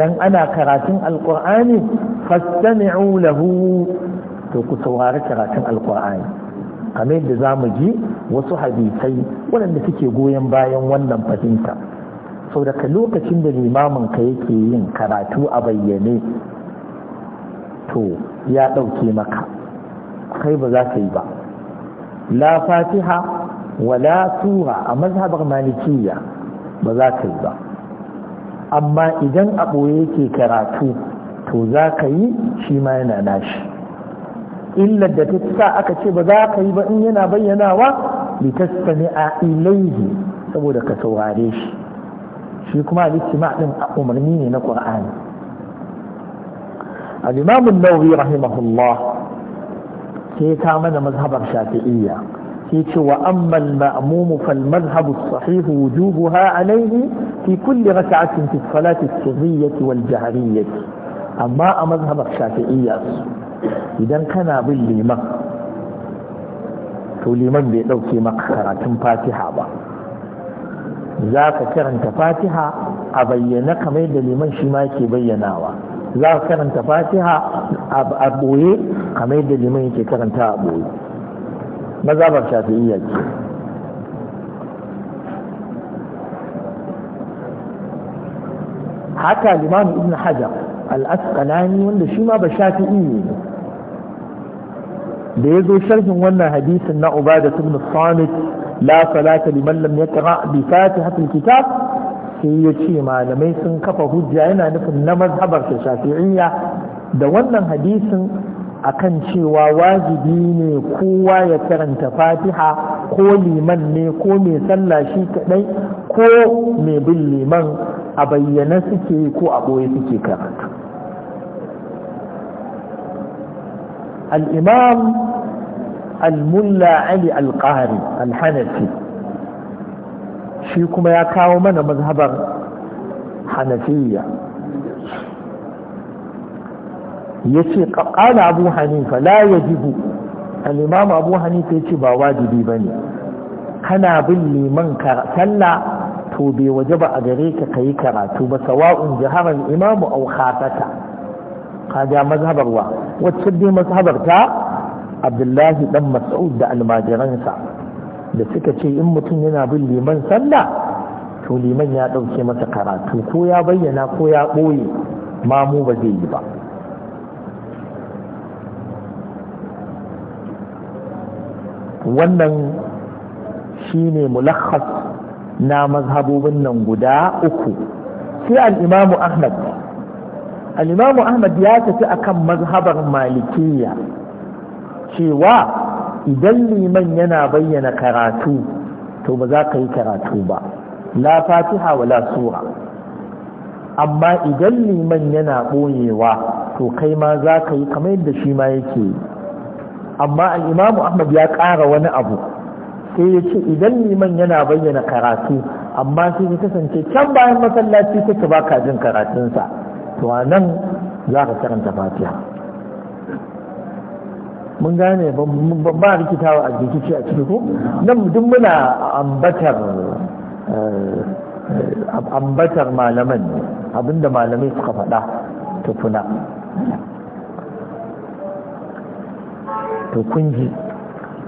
dan ana karatun alqur'ani fastami'u lahu to ku saurari karatun alqur'ani kamar yadda zamu ji wasu hadisai waɗanda suke goyon bayan wannan fahimta sau daga lokacin da limamin ka yake yin karatu a bayyane to ya ɗauke maka kai ba za ka yi ba la fatiha wala sura a mazhabar malikiya ba za ka yi ba amma idan a ɓoye yake karatu to za ka yi shi ma yana nashi illar da ta sa aka ce ba za ka yi ba in yana bayyanawa bi tastami a ilaihi saboda ka saurare shi shi kuma al ɗin a umarni ne na qur'ani A imam an-nawawi rahimahullah sai ta mana mazhabar shafi'iyya يتي وأما المأموم فالمذهب الصحيح وجوبها عليه في كل ركعة في الصلاة السرية والجهرية أما مذهب الشافعية إذا كان بالليمان to liman bai ɗauke maka karatun fatiha ba za ka karanta fatiha a bayyana kamar da liman shi ma ke bayyanawa za ka karanta fatiha a ɓoye kamar da liman yake karanta a ɓoye mazhabar shafi'iyya ce haka limam ibn hajar al-asqalani wanda shi ma ba shafi'i ne da ya zo sharhin wannan hadisin na ubada ibn samit la salata liman lam yaqra bi fatihatil kitab sai ya ce malamai sun kafa hujja yana nufin na mazhabar shafi'iyya da wannan hadisin akan cewa wajibi ne kowa ya karanta fatiha ko liman ne ko mai sallah shi kadai ko mai bin liman a bayyana suke ko a ɓoye suke al al'imam al-mulla ali al-qari al-hanafi shi kuma ya kawo mana mazhabar hanafiya yace qala abu hanifa la ya jibu imam abu hanifa ce ba wajibi ba ne kana bin liman sallah to bai waje ba a gare ka yi karatu ba sawa'un jiharar imamu au khatata kaga mazhabarwa wacce dai mazhabar ta abdullahi dan mas'ud da almajiransa da suka ce in mutum yana bin liman sallah to liman ya ɗauke masa karatu ko ya bayyana ko ya ɓoye mamu ba zai yi ba wannan shine mulakhas na mazhabobin nan guda uku sai Al'imamu ahmad Al'imamu ahmad ya tafi akan mazhabar malikiya cewa idan liman yana bayyana karatu to ba za ka yi karatu ba la fatiha wala sura amma idan liman yana ɓoyewa to kai ma za ka yi kamar yadda shi ma yake yi amma al'imamu ahmad ya ƙara wani abu sai ya ce idan liman yana bayyana karatu amma sai ya kasance can bayan masallaci kake ba ka jin karatunsa to a nan za ka karanta fatiha mun gane ba rikitawa a jikici a ciki ko nan duk muna ambatar eh, ambatar malaman abinda malamai suka faɗa tufuna to kun ji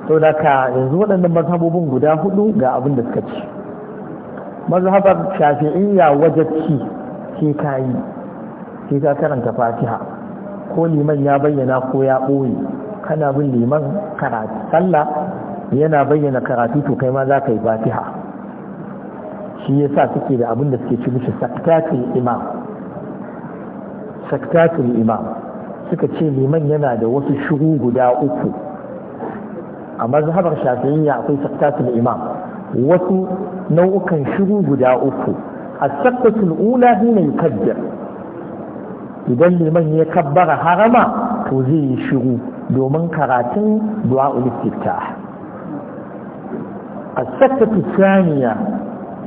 to da ka yanzu waɗannan mazhabobin guda hudu ga abin da suka ci mazhabar shafi'iyya wajacci ke ka yi sai ka karanta fatiha ko liman ya bayyana ko ya ɓoye kana bin liman karatu sallah yana bayyana karatu to kai ma za ka yi fatiha shi ya sa suke da abin da suke ci mishi saktatul imam saktatul imam suka ce liman yana da wasu shuru guda uku a mazhabar shafi'iyya akwai saktatul imam wasu nau'ukan shuru guda uku a saktatul ula hina yukabbir idan liman ya kabbara harama to zai yi shuru domin karatun du'a ulistiftah السكتة الثانية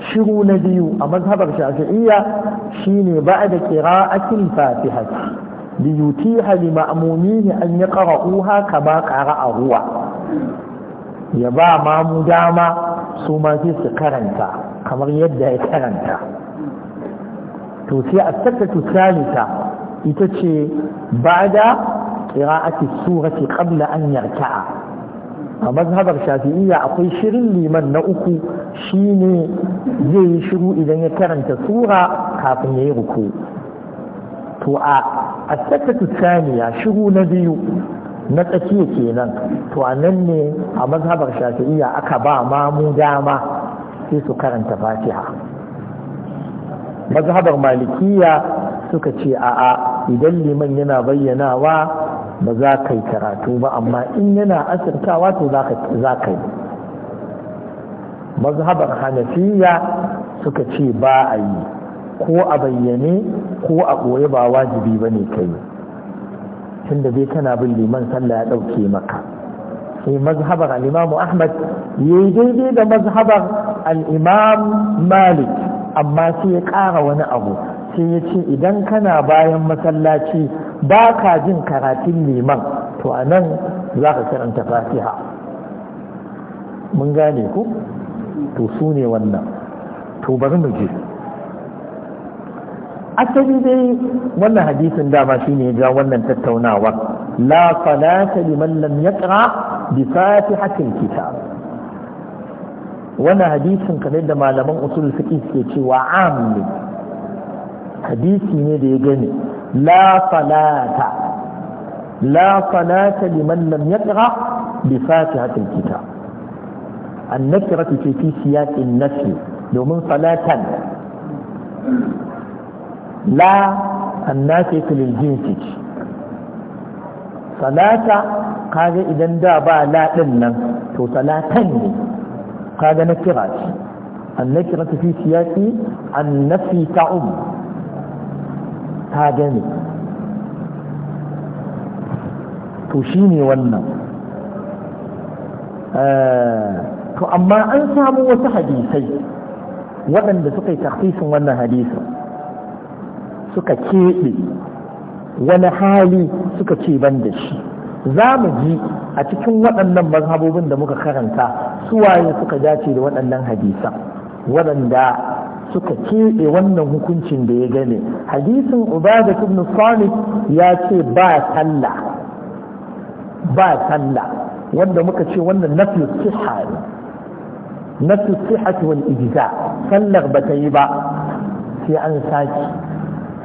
شرو نبي أمذهب الشافعية شيني بعد قراءة الفاتحة liyutiha li ne an ba ƙara a ruwa. ya ba mamu dama su ma sai su karanta kamar yadda ya karanta to sai a sakatu salita ita ce ba'da qira'ati ce ƙabla an yarka'a a mazhabar shafi'iyya akwai shirin liman na uku shine zai yi shiru idan ya karanta sura kafin ya yi ruku to a A sakatu thaniya shiru na biyu na tsakiya kenan to anan ne a mazhabar shafi'iyya aka ba ma mu dama sai su karanta fatiha mazhabar malikiyya suka ce a'a idan liman yana bayyanawa ba za ka yi karatu ba amma in yana asirtawa to za ka yi mazhabar hanafiya suka ce ba a yi ko a bayyane ko a ɓoye ba wajibi ba ne kai tunda bai kana bin liman sallah ya ɗauke maka sai mazhabar al'imamu ahmad ya yi daidai da mazhabar al'imam malik amma sai ya ƙara wani abu sai ya ce idan kana bayan masallaci ba ka jin karatun liman to a nan za ka karanta fatiha mun gane ku to su ne wannan to bari mu je asali dai wannan hadisin dama shine ya ja wannan tattaunawa la salata liman lam yaqra bi fatihatil kitab wannan hadisin kamar da malaman usul fiqh ke cewa ne. hadisi ne da ya gani la salata la salata liman lam yaqra bi fatihatil kitab annakiratu ce fi siyaqin nafi domin salatan la annati lil jinsi salata kaga idan da ba la din nan to salatan ne kaga na kira ce annakira fi siyasi annafi ta'um ta gani to shine wannan to amma an samu wasu hadisai waɗanda suka yi takhsisin wannan hadisin suka keɓe wani hali suka ce ban da shi za mu ji a cikin waɗannan mazhabobin da muka karanta su waye suka dace da waɗannan hadisan waɗanda suka keɓe wannan hukuncin da ya gane hadisin ubada ibn salih ya ce ba sallah ba talla wanda muka ce wannan nafi siha ne nafi siha wal ijza sallar ba ta yi ba sai an sake.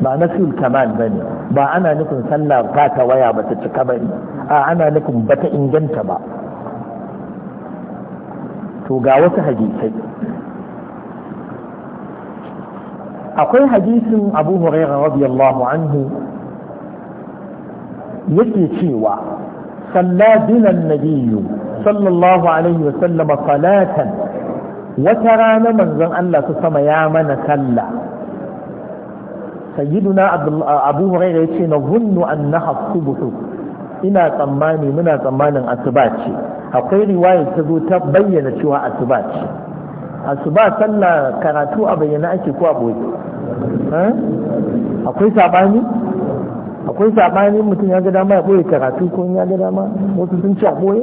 ba nasul kamal bane ba ana nufin sallah ba ta waya ba ta cika bane a ana nufin ba ta inganta ba to ga wasu hadisai akwai hadisin abu huraira radiyallahu anhu yake cewa salla binan nabiyyu sallallahu alaihi wa sallama salatan wata rana manzon Allah su sama ya mana sallah sayyiduna abu ya ce na zunnu annaha subhu ina tsammani muna tsammanin asuba akwai riwaya ta zo ta bayyana cewa asuba ce asuba sallah karatu a bayyana ake ko a boye akwai sabani akwai sabani mutum ya ga dama ya boye karatu ko ya ga dama wasu sun ce a boye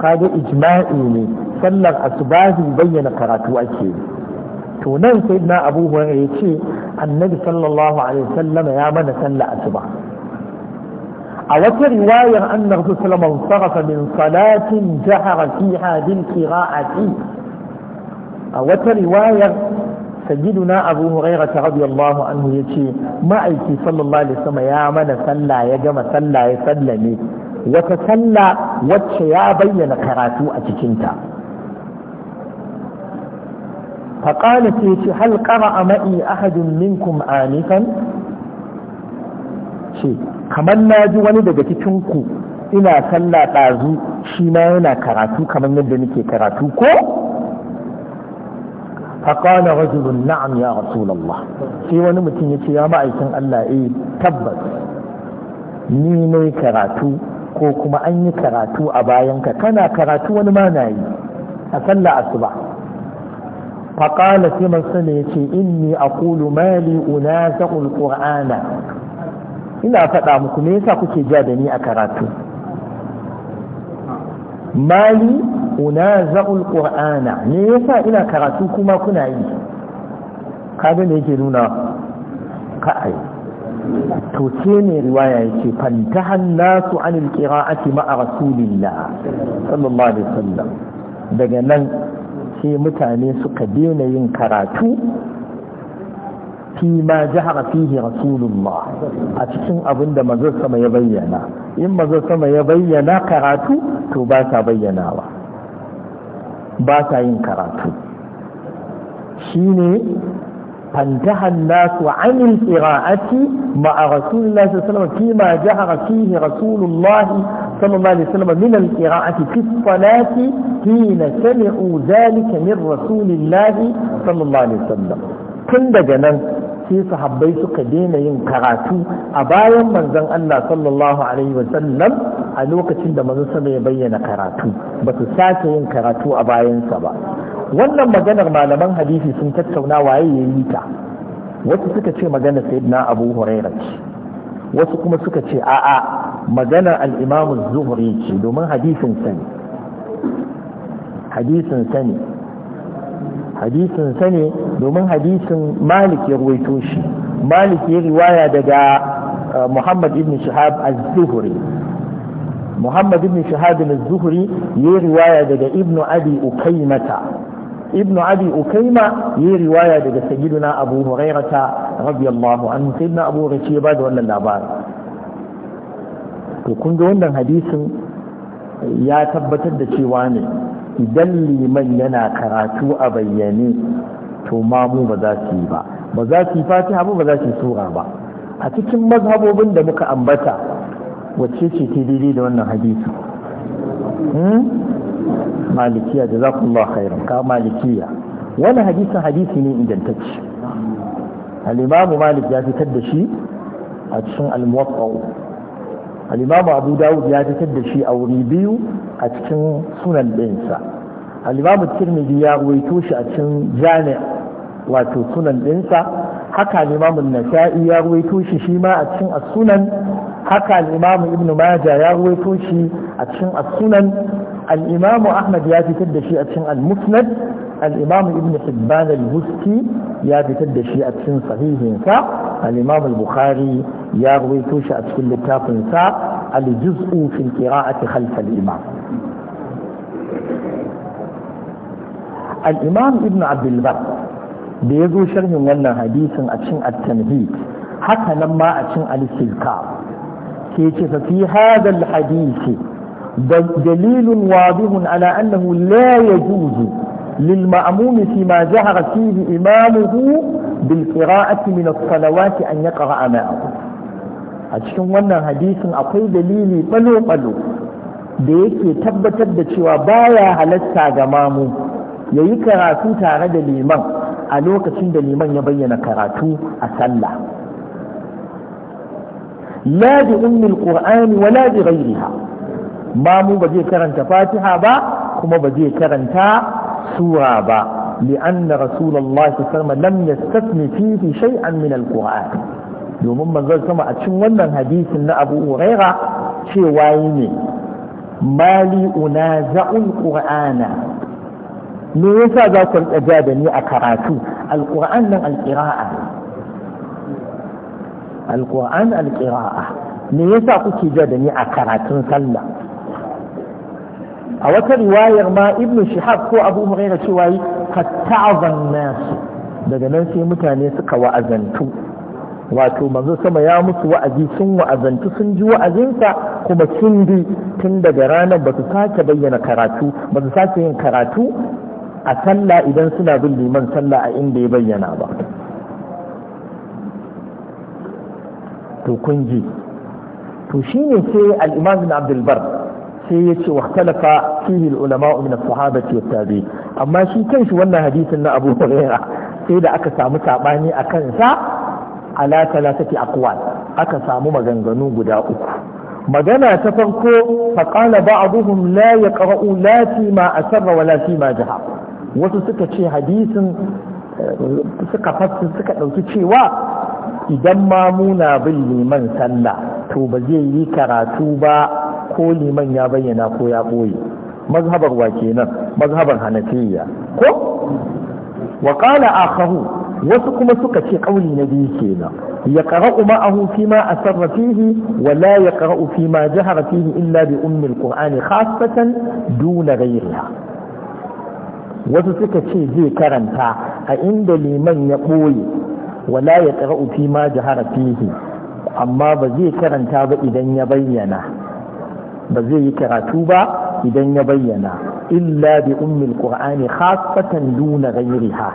kaga ijma'i ne sallar asubahi bayyana karatu ake yi to nan sai na abu ya ce annabi sallallahu alaihi sallama ya mana sallah asuba a wata riwayar annabi sallallahu alaihi wasallam min salatin jahara fiha bil qira'ati a wata riwayar sayyiduna abu hurairah radiyallahu anhu yace ma'aiki sallallahu alaihi wasallam ya mana sallah ya gama sallah ya sallame wata sallah wacce ya bayyana karatu a cikinta faƙala ce ce hal a ma'i ahadin minkum anifan ce kamar na ji wani daga cikinku ina sallah ɗazu shi ma yana karatu kamar yadda nake karatu ko faƙala rajulun na'am ya rasulallah sai wani mutum ya ce ya ma'aikin Allah e tabbas ni ne karatu ko kuma an yi karatu a bayanka kana karatu wani ma na yi a sallah asuba faƙala sai mansala ya ce inni aqulu mali unazaku alqur'ana ina faɗa muku me yasa kuke ja da ni a karatu mali unazaku alqur'ana me yasa ina karatu kuma kuna yi kaga ne yake nuna ka'ai to ce ne riwaya yake fantahan nasu anil qira'ati rasulillah sallallahu alaihi daga nan sai mutane suka daina yin karatu ma jahara fihi rasulullah a cikin abin da mazan sama ya bayyana in mazan sama ya bayyana karatu to ba sa bayyanawa ba sa yin karatu shine ne fantahan nasu القراءة مع رسول a صلى الله عليه وسلم fi ma jahara رسول الله صلى الله عليه وسلم من القراءة في حين سمعوا ذلك من رسول الله صلى الله عليه وسلم tun daga nan sai sahabbai suka daina yin karatu a bayan manzon Allah sallallahu alaihi wasallam a lokacin da manzon sama ya bayyana karatu ba su sake yin karatu a bayansa ba wannan maganar malaman hadisi sun tattauna waye ya yi ta wasu suka ce magana sayyidina abu huraira ce wasu kuma suka ce a'a maganar al-imam zuhri ce domin hadisin ne. hadisin sani hadisin sani domin hadisin malik ya ruwaito shi malik ya riwaya daga uh, muhammad ibn shahab az-zuhri muhammad ibn shahab az-zuhri ya riwaya daga ibn abi Ukaimata. ibn abi Ukaima ya riwaya daga sayyiduna abu hurairata radiyallahu anhu sayyiduna abu hurairata ya bada wannan labarin to kun ga wannan hadisin ya tabbatar da cewa ne idan liman yana karatu a bayyane to mamu ba za su yi ba ba za su yi fatiha ba ba za su yi sura ba a cikin mazhabobin da muka ambata wacce ce ta daidai da wannan hadisi hmm? malikiya da za ku khairan ka malikiya wani hadisin hadisi ne ingantacce al-imamu malik ya fitar da shi a cikin al-muwaffaq Alimamu abu dawud ya fitar da shi a wuri biyu a cikin sunan ɗinsa al tirmidhi ya ruwaito shi a cikin jami' wato sunan ɗinsa haka Alimamu nasa'i ya waito shi shi ma a cikin sunan haka Alimamu ibn maja ya ruwaito shi a cikin sunan al-imamu ahmad ya fitar da shi a cikin al-musnad al-imam ibn hibban al ya fitar da shi a cikin sahihin sa al bukhari ya rawaito shi a cikin littafinsa. sa al-juz'u fi qira'ati khalf imam al-imam ibn abd al-bar da sharhin wannan hadisin a cikin at-tanhid haka nan ma a cikin al-silka sai ce fa fi hadha al-hadisi دليل واضح على أنه لا يجوز للمأموم فيما جهر فيه إمامه بالقراءة من الصلوات أن يقرأ معه أشكم وانا حديث أقول دليلي قلو قلو da yake tabbatar da cewa baya halarta ga mamu ya yi karatu tare da liman a lokacin da liman ya bayyana karatu a sallah Ladi bi ummil qur'ani wala bi mamu ba zai karanta fatiha ba kuma ba zai karanta سوى با لأن رسول الله صلى الله عليه وسلم لم يستثن فيه شيئا من القرآن domin manzon sama a cin wannan hadisin na Abu Huraira cewa ne mali unaza'ul qur'ana me yasa za ku rika ni a karatu alquran nan alqira'a alquran alqira'a me yasa kuke ja da ni a karatun sallah a wata riwayar ma ibnu shihab ko abu huraira cewa yi katta'azan nasu daga nan sai mutane suka wa'azantu wato manzo sama ya musu wa'azi sun wa'azantu sun ji wa'azinsa kuma sun bi tun daga ranar ba su sake bayyana karatu ba su sake yin karatu a sallah idan suna bin liman sallah a inda ya bayyana ba to kun ji to shine sai al-imam ibn abdul bar sai ya ce waktalafa fihi ulama min as-sahabati wat tabi amma shi kanshi wannan hadisin na Abu Hurairah sai da aka samu sabani a kansa ala talatati aqwal aka samu maganganu guda uku magana ta farko fa qala ba'dhum la yaqra'u la fi ma asarra wa la fi ma jaha wasu suka ce hadisin eh, suka fassara suka dauki cewa idan ma muna bin liman sallah to ba zai yi karatu ba ko liman ya bayyana ko ya ɓoye mazhabar wa kenan mazhabar hanafiya ko wa qala akhahu wasu kuma suka ce kauli na biyu kenan ya qara'u ma'ahu fi ma asarra fihi wa la ya qara'u fi ma jahara fihi illa bi ummi alqur'ani khassatan duna ghayriha wasu suka ce zai karanta a inda liman ya ɓoye wala ya qara'u fi ma jahara fihi amma ba zai karanta ba idan ya bayyana ba zai yi karatu ba idan ya bayyana illa bi ummil qur'ani khassatan duna ghayriha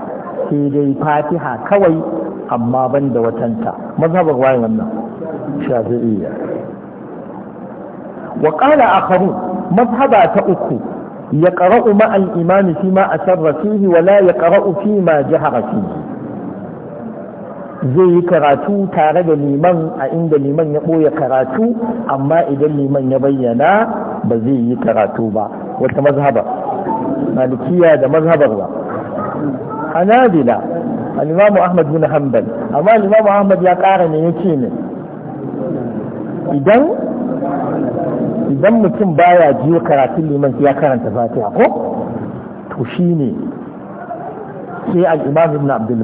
sai dai fatiha kawai amma ban da watanta mazhabar waye wannan shafi'iyya wa qala akharun mazhaba ta uku ya qara'u ma al shima a ma asarra wala ya qara'u fi ma jahara zai yi karatu tare da liman a inda liman ya ɓoye karatu amma idan liman ya bayyana ba zai yi karatu ba wata mazhabar malikiya da mazhabar ba A al Alimamu ahmad bin hanbal amma Alimamu ahmad ya ƙara ne ya ne idan idan mutum baya jiyo karatun liman ya karanta fatiha ko to ne sai alimam imam ibn abdul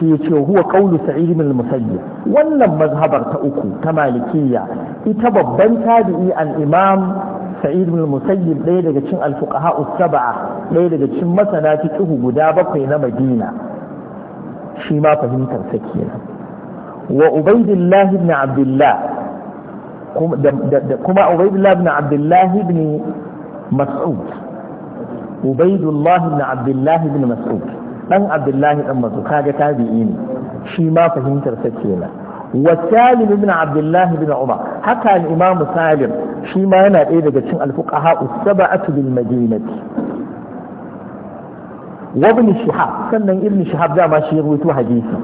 sai ya ce huwa qawlu sa'id bin al-musayyib wannan mazhabar ta uku ta malikiyya ita babban tabi'i al-imam sa'id bin al-musayyib ɗaya daga cikin al-fuqaha us-sab'a ɗaya daga cikin masana fiqh guda bakwai na Madina shi ma fahimtar sa kenan wa ubaidillah ibn abdullah kuma ubaidillah ibn abdullah ibn mas'ud ubaidullah ibn abdullah ibn mas'ud dan abdullahi dan mazu kaga tabi'i ne shi ma fahimtar sa kenan wa salim ibn abdullahi ibn umar haka al-imam salim shi ma yana ɗaya daga cikin al-fuqaha as-sab'atu bil madinati wa ibn shihab sannan ibn shihab dama shi ya rawaito hadisi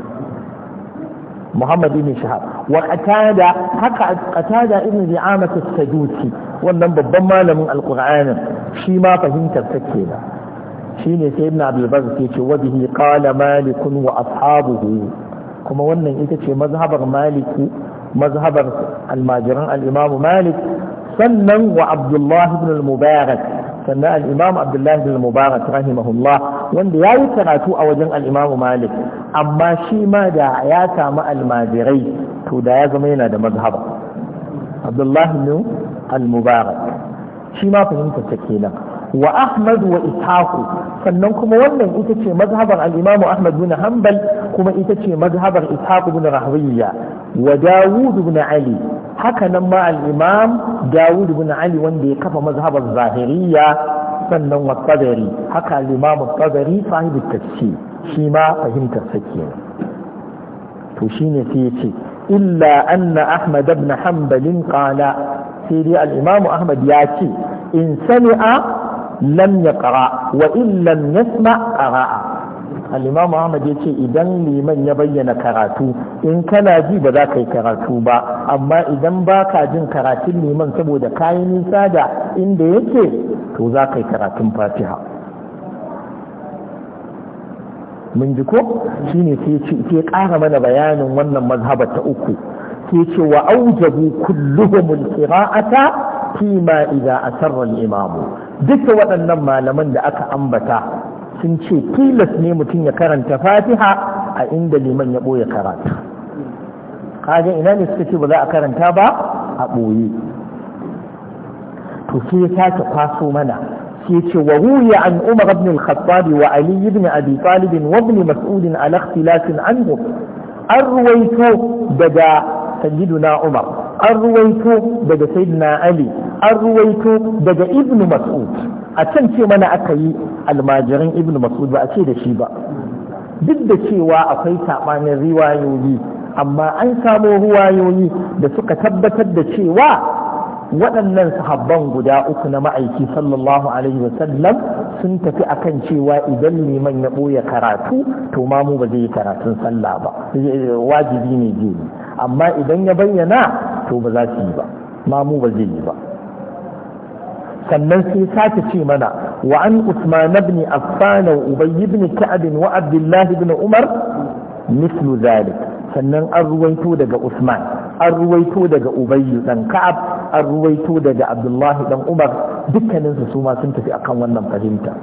محمد بن شهاب وقتادة حكى قتادة ابن دعامة السدوسي wannan babban malamin alkur'anin shi ma fahimtar take da shine sai ibn abdul ke ce wabihi qala malik wa ashabuhu kuma wannan ita ce mazhabar maliki mazhabar almajiran al-imam malik sannan wa abdullah ibn al-mubarak sannan al-imam abdullah ibn al-mubarak rahimahullah wanda yayi karatu a wajen al-imam malik amma shi ma da ya samu almajirai to da ya zama yana da mazhaba abdullah ibn al-mubarak shi ma fahimta ta kenan wa Ahmad wa Ishaku sannan kuma wannan ita ce mazhabar al-Imam Ahmad bin Hanbal kuma ita ce mazhabar Ishaq bin Rahawiyya wa Dawud bin Ali haka nan ma al-Imam Dawud bin Ali wanda ya kafa mazhabar Zahiriyya sannan wa Tabari haka al-Imam Tabari sahibi tafsir shi ma fahimtar sa kenan to shine sai ya ce illa anna Ahmad ibn Hanbal qala sai dai Al'imamu Ahmad ya ce in sami'a lam ya ƙara wa in lam yasma ƙara'a alimam Ahmad ya ce idan liman ya bayyana karatu in kana ji ba za ka yi karatu ba amma idan ba ka jin karatun liman saboda kayan nisa da inda yake to za ka yi karatun fatiha mun ji ko shine ke ƙara mana bayanin wannan mazhaba ta uku Ke ce wa aujabu kulluhum al-qira'ata fima idza asarra al-imamu duka waɗannan malaman da aka ambata sun ce tilas ne mutum ya karanta fatiha a inda liman ya ɓoye karatu kaga ina ne suka ce ba za a karanta ba a ɓoye to sai ya sake kwaso mana sai ce wa ruya an umar ibn al-khattab wa ali ibn abi talib wa ibn mas'ud ala ikhtilafin anhu an ruwaito daga na Umar an ruwaito daga sayyidina Ali an ruwaito daga Ibn Mas'ud a can ce mana aka yi almajirin Ibn Mas'ud ba a ce da shi ba duk da cewa akwai saɓanin riwayoyi amma an samo ruwayoyi da suka tabbatar da cewa waɗannan sahabban guda uku na ma'aiki sallallahu alaihi sallam sun tafi akan cewa idan liman ya ɓoye karatu to ma mu ba zai yi karatun sallah ba wajibi ne je amma idan ya bayyana to ba za su yi ba mamu ba zai yi ba sannan sai sake ce mana wa an usman ibn affan wa ubay ibn ka'ab wa abdullah ibn umar mislu zalik sannan an ruwaito daga usman an ruwaito daga ubay dan ka'ab an ruwaito daga abdullah dan umar dukkaninsu su ma sun tafi akan wannan fahimta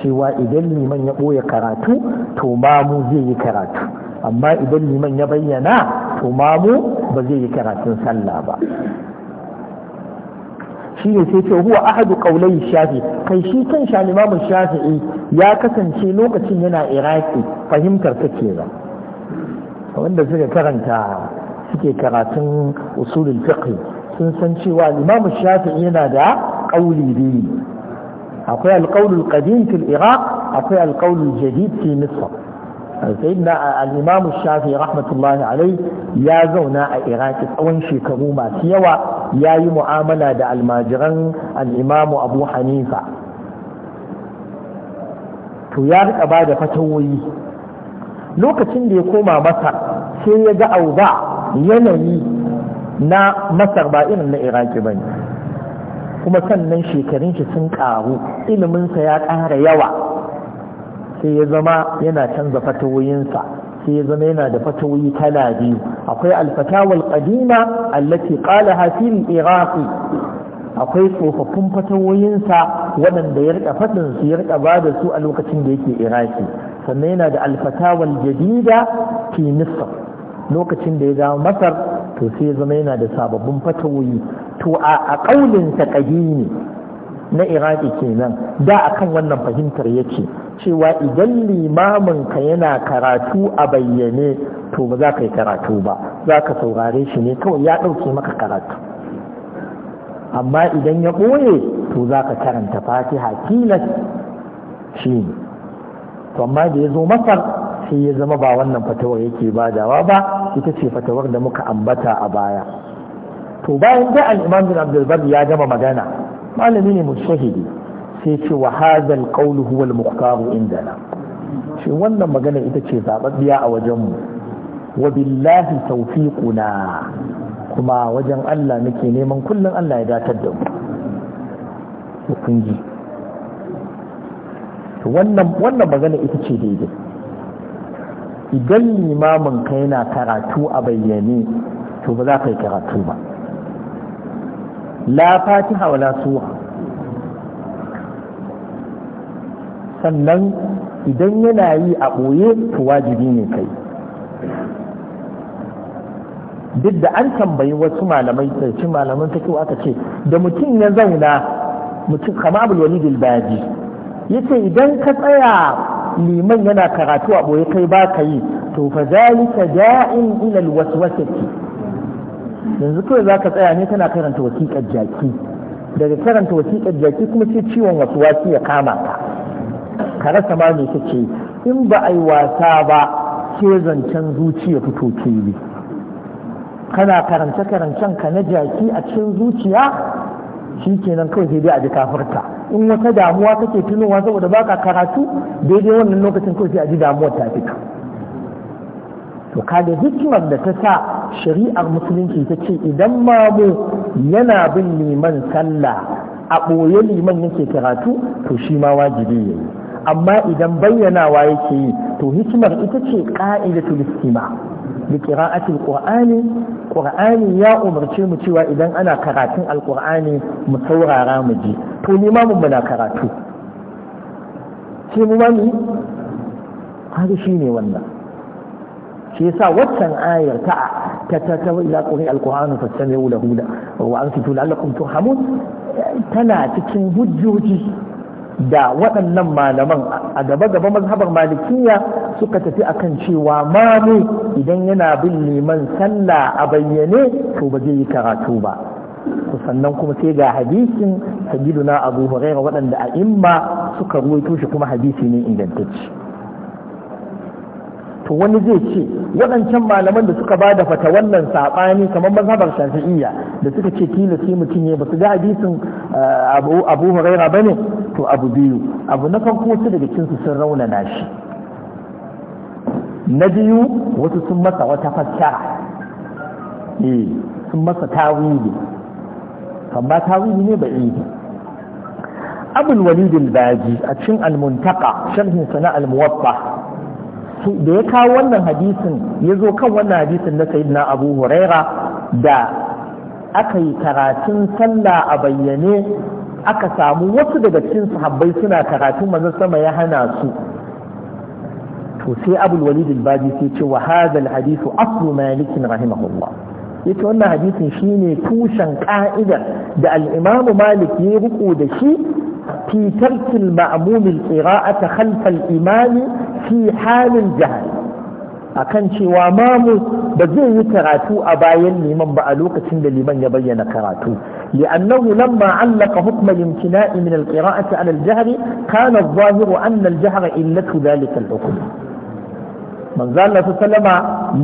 cewa idan liman ya ɓoye karatu to mamu zai yi karatu amma idan liman ya bayyana to mamu ba zai yi karatun sallah ba shi ne sai ce huwa ahadu qaulai shafi kai shi kan shalimamun shafi'i ya kasance lokacin yana iraki fahimtar ta ba. wanda suka karanta suke karatun usulul fiqh sun san cewa limamin shafi'i yana da qauli biyu akwai alƙaunul qadim fil iraq akwai alƙaunul jadid fi misr sayyidina al-imam shafi rahmatullahi alai ya zauna a iraq tsawon shekaru masu yawa ya yi mu'amala da almajiran Al'imamu imam abu hanifa to ya rika ba da fatawoyi lokacin da ya koma masar sai ya ga auba yanayi na masar ba irin na iraki ba ne kuma sannan shekarun shi sun ƙaru iliminsa ya ƙara yawa sai ya zama yana canza fatawoyinsa sai ya zama yana da fatawoyi tana biyu akwai alfatawal ƙadima allati ƙala hafil iraki akwai tsofaffin fatawoyinsa waɗanda ya rika faɗin su ya rika ba da su a lokacin da yake iraki sannan yana da alfatawal jadida fi lokacin da ya zama masar to sai ya zama yana da sababbin fatawoyi to a ƙauninsa kadini na iraki kenan da akan wannan fahimtar yake cewa idan limaminka yana karatu a bayyane to ba za ka yi karatu ba za ka saurare shi ne kawai ya ɗauke maka karatu amma idan ya ɓoye to za ka karanta fatiha tilas shi ne to amma da ya zo masar sai ya zama ba wannan fatawar yake badawa ba ita ce fatawar da muka ambata a baya to bayan da al'imam bin abdul ya gama magana malami ne mu shahidi sai ce wa hazal al huwa al-mukhtar indana shi wannan magana ita ce zababbiya a wajen mu wa billahi tawfiquna kuma wajen Allah nake neman kullun Allah ya datar da mu wannan wannan magana ita ce daidai idan limamin ka yana karatu a bayyane to ba za ka yi karatu ba la fatiha wala suwa sannan idan yana yi a ɓoye to wajibi ne kai duk da an tambayi wasu malamai sarki malaman ta aka ce da mutum ya zauna mutum kama abu wani dilbaji ya ce idan ka tsaya liman yana karatu a boye kai ba ka yi to fa zalika da'in ila alwaswasati yanzu kawai zaka tsaya ne kana karanta wasiƙar jaki daga karanta wasiƙar jaki kuma sai ciwon waswasi ya kama ka ka rasa ma me kake in ba ai wasa ba ke zancen zuciya fito ke kana karance karancen ka na jaki a cikin zuciya shi kenan kawai sai dai a ji in wata damuwa kake tunowa saboda baka karatu daidai wannan lokacin kawai sai a ji damuwa ta fita to kaga hikimar da ta sa shari'ar musulunci ta ce idan mamu yana bin liman sallah a ɓoye liman yake karatu to shi ma wajibi ya yi amma idan bayyanawa yake yi to hikimar ita ce ƙa'idatul istima' Bikiran qira'atil qur'ani ya umarci mu cewa idan ana karatun Alƙur'ani mu saurara mu ji to ni ma mun na karatu sai mu ma mu kaga wannan shi yasa waccan ayar ta ta ta ta ila qur'ani alqur'anu fastami'u lahu wa ansitu la'allakum turhamun tana cikin hujjoji da waɗannan malaman a gaba-gaba mazhabar malikiya suka tafi akan cewa mamu idan yana bin liman sallah a bayyane to ba zai yi karatu ba sannan kuma sai ga hadisin na abu huraira waɗanda a imma suka ruwaito shi kuma hadisi ne ingantacce to wani zai ce waɗancan malaman da suka ba da fata wannan saɓani kamar mazhabar shafi'iyya da suka ce sai mutum ya basu ga hadisin eh, abu huraira ba ne to abu biyu abu na farko wasu daga cinsu sun raunana shi na biyu wasu sun masa wata fassara eh sun masa tawili amma tawili ne ba ne abul walid al-baji a cikin al-muntaqa sharhin sana al-muwatta da ya kawo wannan hadisin ya zo kan wannan hadisin na sayyidina abu huraira da aka yi karatun sallah a bayyane aka samu wasu daga cikin sahabbai suna karatun manzon sama ya hana su to sai abul walid al-baji sai ce wa hadha al-hadithu aslu malik rahimahullah yace wannan hadisin shine tushen ka'idar da al-imam malik ya riko da shi fi tarkil ma'mum al-qira'ata khalf al-imam في حال الجهل akan cewa mamu ba zai yi karatu a bayan liman ba a lokacin da liman ya bayyana karatu li annahu lamma allaka hukma limtina'i min alqira'ati ala aljahr kana adh illatu dhalika alhukm manzo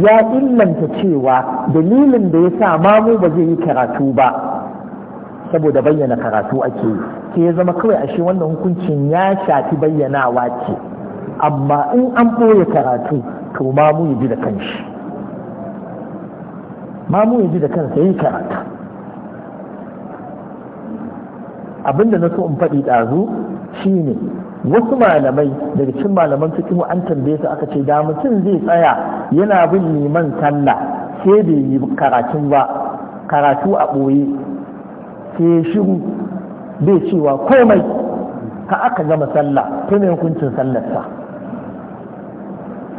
ya illanta cewa dalilin da ya sa mamu ba zai yi karatu ba saboda bayyana karatu ake ke ya zama kawai ashe wannan hukuncin ya shafi bayyanawa ce amma in an ɓoye karatu to ma mu yi da kanshi ma mu yi da kansa yi karatu abinda na so in faɗi ɗazu shi ne. wasu malamai daga cikin malaman cikin an tambaye su aka ce da mutum zai tsaya yana bin liman sallah sai bai yi karatu ba karatu a ɓoye sai ya shiru bai cewa komai ka aka gama sallah ta mai hukuncin sallarsa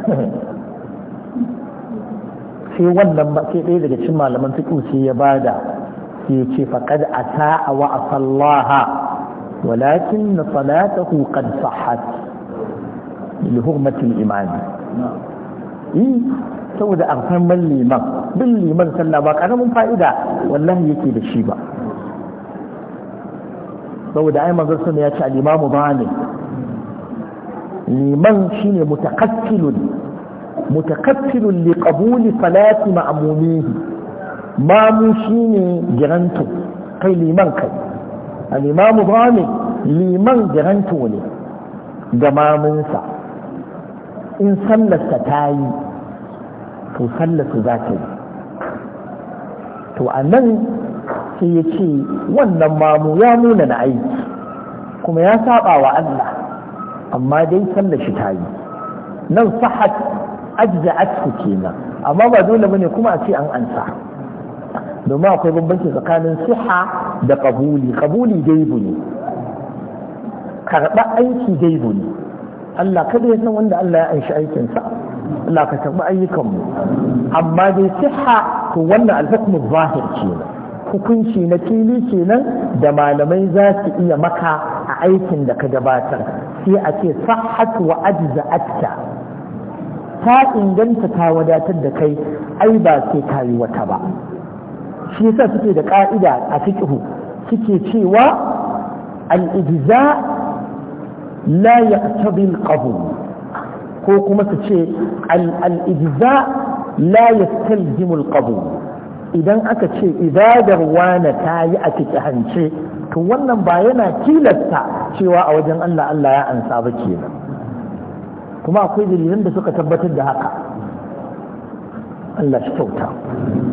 sai wannan ba ɗaya daga cikin malaman fiqh sai ya bada sai ya ce asa ata'a wa asallaha walakin na qad sahhat li hurmati al-iman eh saboda alfarman liman bin liman sallah ba karamin fa'ida wallahi yake da shi ba saboda ai manzon sun ya ce alimamu ba ne. liman shine mutakaffilun mutakaffilun li qabuli salati ma'mumihi mamu shi ne giranto kai liman kai al-imam bani liman giranto ne ga mamunsa in sallarsa ta yi to sallarsa za ta yi to a nan sai ya ce wannan mamu ya nuna na aiki kuma ya saba wa Allah amma dai sallar shi ta yi nan sahat ajza'at aski kenan amma ba dole bane kuma a ce an ansa domin akwai bambanci tsakanin siha da kabuli kabuli gaibu ne karɓa aiki gaibu ne Allah kada ya san wanda Allah ya anshi aikinsa Allah ka karɓi ayyukanmu amma dai siha ko wannan alhukmu zahir kenan hukunci na fili kenan da malamai za su iya maka a aikin da ka gabatar sai a ce sahat wa ajza'atka ta inganta ta wadatar da kai ai ba sai ka yi wata ba shi yasa suke da ka'ida a fiqhu suke cewa al-ijza la yaqtadi al-qabul ko kuma su ce al-ijza la yastalzimu al-qabul idan aka ce ibadar wana ta yi a hance to wannan ba yana tilasta cewa a wajen Allah Allah ya ansa ba kenan kuma akwai dalilan da suka tabbatar da haka Allah shi kyauta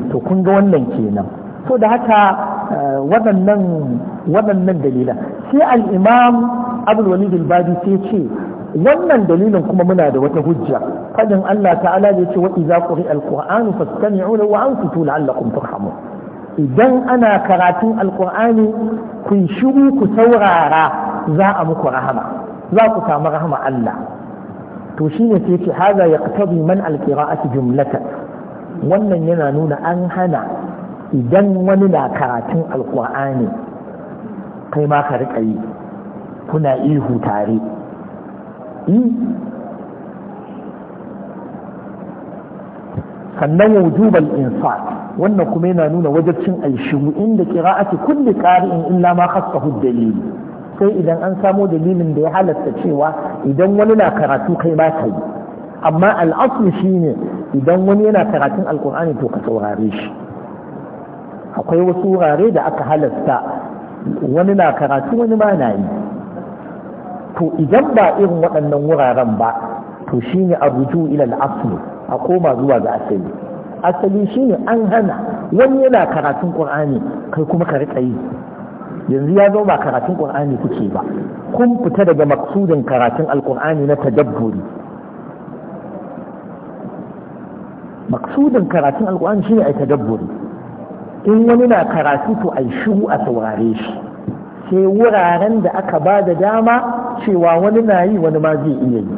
to kun ga wannan kenan to da haka eh, waɗannan waɗannan dalilan sai al-imam abul walid al-badi sai ce wannan dalilin kuma muna da wata hujja fadin Allah ta'ala da ya ce wa idza quri'a al-qur'anu fastami'u lahu wa ansitu la'allakum turhamun idan ana karatun alkur'ani ku shiru ku saurara za a muku rahama za ku samu rahama Allah to shine sai ce haza yaqtabi man alqira'ati jumlata, wannan yana nuna an hana idan wani na karatun alkur'ani kai ma ka riƙa yi kuna ihu tare hmm? sannan wujuban insaf wannan kuma yana nuna wajabcin aishiru inda qira'ati kulli qari'in illa ma khassahu dalil sai idan an samo dalilin da ya halatta cewa idan wani na karatu kai ba ka yi amma al'asli shine idan wani yana karatun alkur'ani to ka saurare shi akwai wasu wurare da aka halasta wani na karatu wani ma na yi to idan ba irin waɗannan wuraren ba to shine a ruju ila al'asli a koma zuwa ga asali asali shine an hana wani yana karatun ƙur'ani kai kuma ka rika yi yanzu ya zo ba karatun ƙur'ani kuke ba kun fita daga maksudin karatun alƙur'ani na tadabburi maksudin karatun shi shine a tadabburi in wani na karatu to ai shiru a saurare shi sai wuraren da aka ba da dama cewa wani na yi wani ma zai iya yi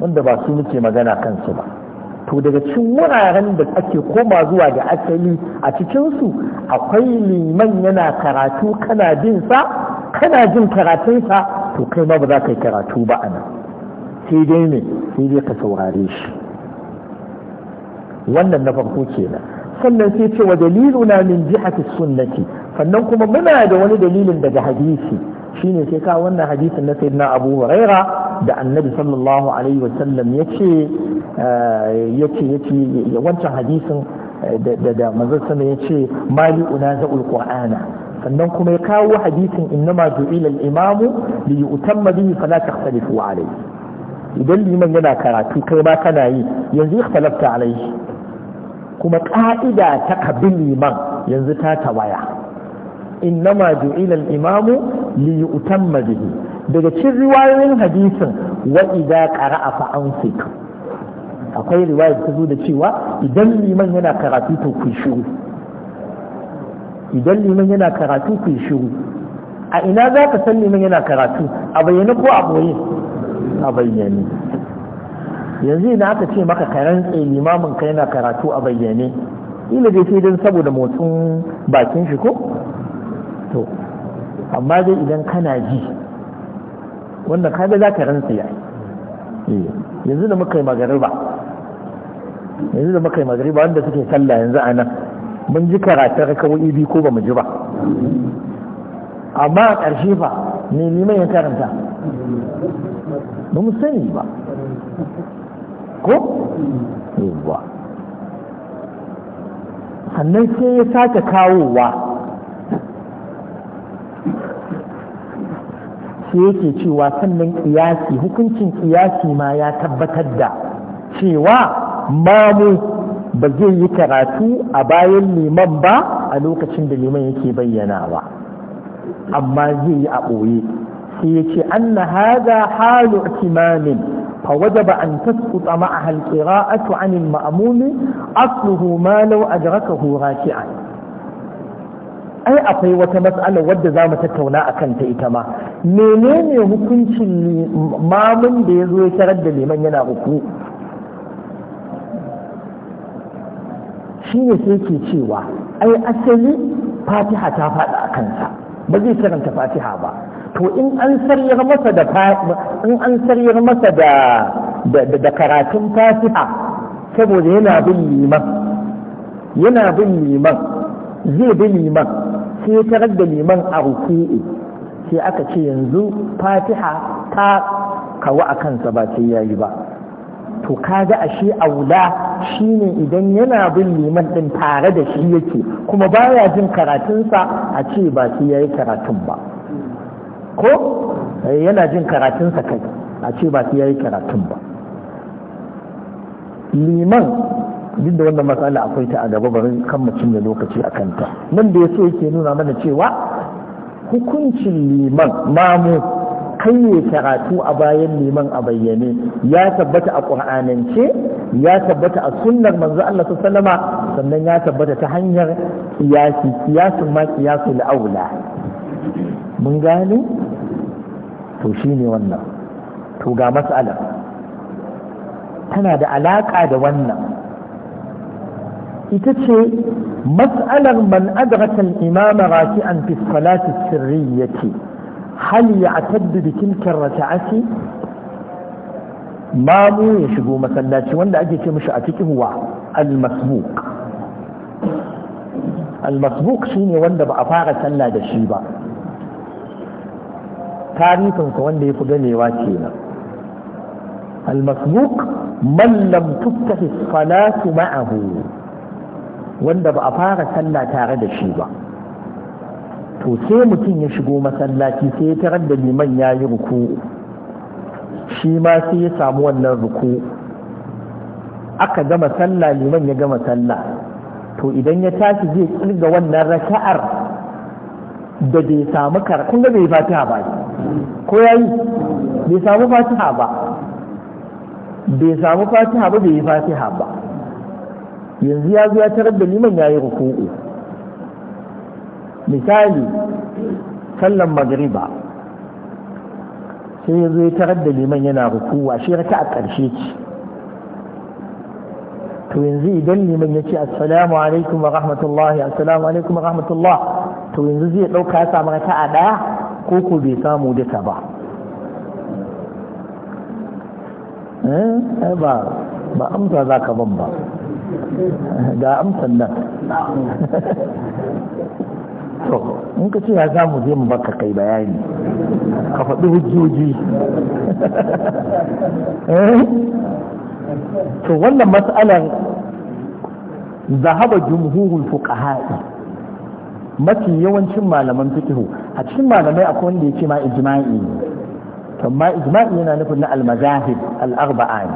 wanda ba su muke magana kansu ba to daga cikin wuraren da ake koma zuwa da asali a cikinsu akwai liman yana karatu kana jin sa kana jin karatunsa to kai ma ba za ka yi karatu ba ana, sai dai ne sai dai ka saurare shi wannan na farko kenan sannan sai ce wa daliluna min jihati sunnati sannan kuma muna da wani dalilin daga hadisi shine sai ka wannan hadisin na sayyidina Abu Huraira da Annabi sallallahu alaihi wa sallam yace yace yake wancan hadisin eh, da da manzon sama ce mali una za qur'ana sannan kuma ya kawo hadisin innama du'ila al-imamu li yutamma bihi fala takhtalifu alayhi idan liman yana karatu kai ma kana yi yanzu ikhtalafta alayhi kuma ka'ida ta kabin liman yanzu ta tawaya innama du'ila al-imamu li yutamma bihi daga cikin riwayoyin hadisin wa idza qara'a fa akwai riwaya ta zo da cewa idan liman yana karatu to ku shiru idan liman yana karatu ku shiru a ina za ka san liman yana karatu a bayyane ko a boye a bayyane yanzu ina aka ce maka ka rantse limamin ka yana karatu a bayyane Ina dai sai don saboda motsin bakin shi ko to amma dai idan kana ji wanda kaga za ka rantsa ya eh, yanzu da muka yi magariba yanzu da muka yi ba wanda suke sallah yanzu a nan mun ji karatun rakawai biyu ko ba mu ji ba amma a ƙarshe fa me neman ya karanta ba mu sani ba ko yawwa sannan sai ya sake kawowa sai yake cewa sannan kiyasi hukuncin kiyasi ma ya tabbatar da cewa mamu ba zai yi karatu a bayan liman ba a lokacin da liman yake bayyanawa amma zai yi a ɓoye sai ya ce an na haza halu timamin فوجب أن تسقط معها القراءة عن المأموم a ما hura أدركه راكعا ai akwai wata matsala wadda za mu tattauna a kanta ita ma menene hukuncin mamun da ya zo ya tarar da liman yana uku? shi ne sai ke cewa ai asali fatiha ta faɗa a kansa ba zai karanta fatiha ba to in an saryar masa da in an sarrafa masa da da karatun fatiha saboda yana bin liman yana bin liman zai bi liman sai ya tarar da liman a ruku'i sai aka ce yanzu fatiha ta kawo a kansa ba sai yayi ba to ka ga ashe aula shine idan yana bin liman ɗin tare da shi yake kuma baya jin karatunsa a ce ba shi yi karatun ba ko eh, yana jin karatunsa kai a ce ba shi yi karatun ba liman duk da wannan matsala akwai ta a gaba barin kan mutum da lokaci a kanta nan da ya so yake nuna mana cewa hukuncin liman mamu kai ne karatu a bayan neman a bayyane ya tabbata a ƙur'anance ya tabbata a sunnar manzo Allah sallama sannan ya tabbata ta hanyar kiyasi kiyasun ma kiyasu la'aula mun gane to shi ne wannan to ga matsalar tana da alaƙa da wannan ita ce matsalar man adrata al-imama raki'an fi salati sirriyyati hal ya ataddu bi tilka raka'ati mamu ya shigo masallaci wanda ake ce mishi a cikin wa al-masbuq al-masbuq shine wanda ba a fara sallah da shi ba tarifinsa wanda ya fi ganewa kenan al-masbuq mallam lam tuftahi salatu ma'ahu wanda ba a fara sallah tare da shi ba to sai mutum ya shigo masallaci sai ya tarar da liman ya yi ruku shi ma sai ya samu wannan ruku aka gama sallah liman ya gama sallah to idan ya tashi zai kirga wannan raka'ar da bai samu kar kun ga bai fatiha ba ko yayi bai samu fatiha ba bai samu fatiha ba bai yi fatiha ba yanzu ya zo ya tarar da liman ya yi ruku'u misali sallan magriba sai yanzu ya tarar da liman yana rukuwa shi raka a ƙarshe ce to yanzu idan liman ya ce assalamu alaikum wa rahmatullahi assalamu alaikum wa rahmatullah to yanzu zai ɗauka ya samu raka a ɗaya ko ko bai samu duka ba eh ba ba amsa za ka ban ba ga amsan nan to in ka ce ya za mu je mu baka kai bayani ka faɗi hujjoji eh? to wannan matsalar zahaba jumhurul fuqaha'i mafi yawancin malaman fikihu a cikin malamai akwai wanda ya ce ma ijma'i To amma ijma'i yana nufin na almazahib al-arba'a ne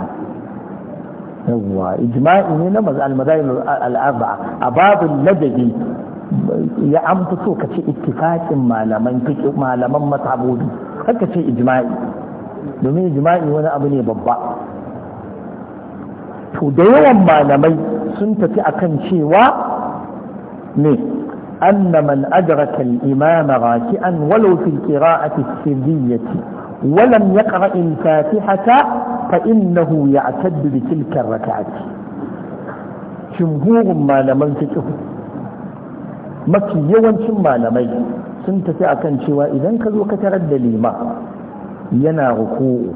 yawwa ijma'i ne na almazahib al-arba'a a babin ladabi ya an fi so ka ce ittifaqin malaman fiqh malaman mazhabodi haka ce ijma'i domin ijma'i wani abu ne babba to da yawan malamai sun tafi akan cewa ne anna man adraka al-imam raki'an walau fi qira'ati as-sirriyyati wa lam yaqra al-fatihata fa innahu ya'taddu bi tilka malaman fiqh mafi yawancin malamai sun tafi a kan cewa idan ka zo ka tarar da lima yana ruku'u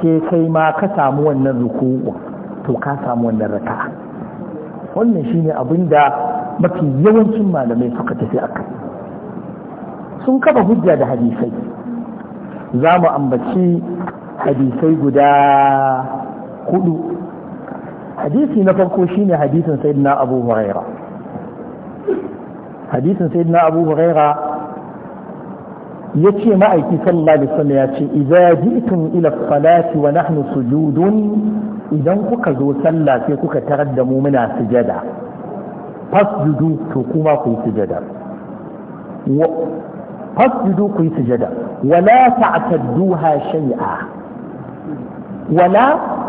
sai kai ma ka samu wannan ruku'u to ka samu wannan raka wannan shine abin da mafi yawancin malamai suka tafi a kai. sun kafa hujja da hadisai za mu ambaci hadisai guda hudu hadisi na farko shine hadisin sayyidina abu huraira hadisin sayyidina abu huraira yace ma'aiki sallallahu alaihi wasallam ce, idza ji'tum ila salati wa nahnu sujudun idan kuka zo sallah sai kuka tarar da mu muna sujada fasjudu to kuma ku yi sujada fasjudu ku yi sujada wala ta'tadduha shay'a wala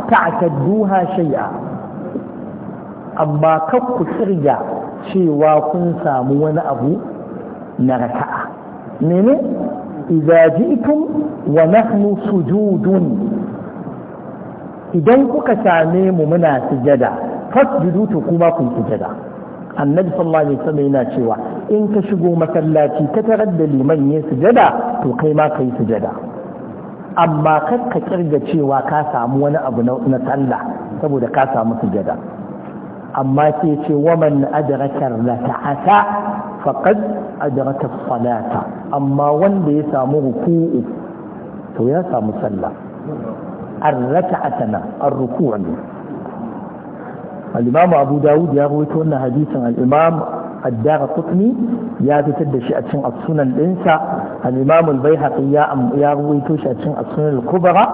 ta'tadduha shay'a amma kan ku kirga cewa kun samu wani abu na raka'a mene idza ji'tum wa nahnu sujudun idan kuka same mu muna sujada fasjudu to kuma kun sujada annabi sallallahu alaihi wasallam yana cewa in ka shigo masallaci ka tarar da liman ya sujada to kai ma kai sujada amma kar ka kirga cewa ka samu wani abu na sallah saboda ka samu sujada amma sai ce waman adraka raka'ata faqad adraka salata amma wanda ya samu ruku'u to ya samu sallah an rakaata na ar-ruku'u ne al-imam abu dawud ya rawaito wannan hadisin al-imam الدار قطني يا تتدش أتشن ya الإنسى shi a cin asunan al السنن الكبرى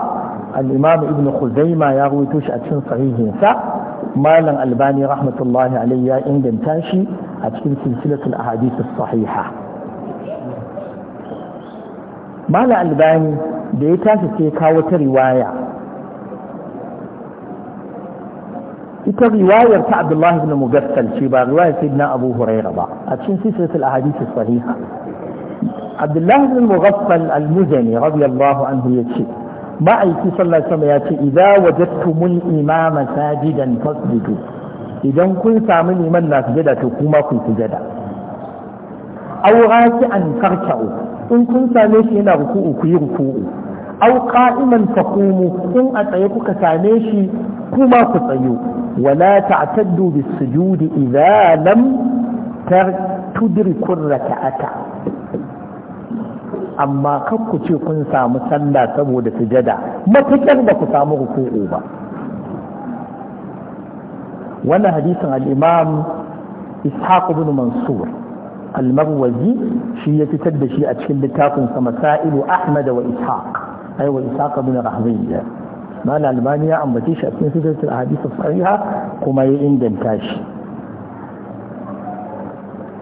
Ibn ابن ya يا shi a cin إنسى malam albani rahmatullahi alayhi ya inganta shi a cikin silsilatul ahadith sahiha malam albani da ya tashi sai kawo ta riwaya ita riwayar ta abdullahi ibn mugaffal ce ba riwayar sayyidina abu huraira ba a cikin silsilatul ahadith sahiha abdullahi ibn mugaffal al-muzani radiyallahu anhu yace ma'aiki sallallahu alaihi ya ce idza wajadtumul imama sajidan fasjudu idan kun samu liman na sujada to kuma ku sujada aw raki'an farka'u in kun same shi yana ruku'u ku yi ruku'u aw qa'iman faqumu in a tsaye kuka same shi kuma ku tsayo wala ta'taddu bis sujudi idza lam tudriku raka'ata amma kan ku ce kun samu sallah saboda sujada matuƙar ba ku samu ruku'u ba wannan hadisin al-imam ishaq ibn mansur al-marwazi shi ya fitar da shi a cikin littafin sa masailu ahmad wa ishaq ai wa ishaq ibn rahmiya mal albani ya ambace shi a cikin sifatul ahadith sahiha kuma ya inganta shi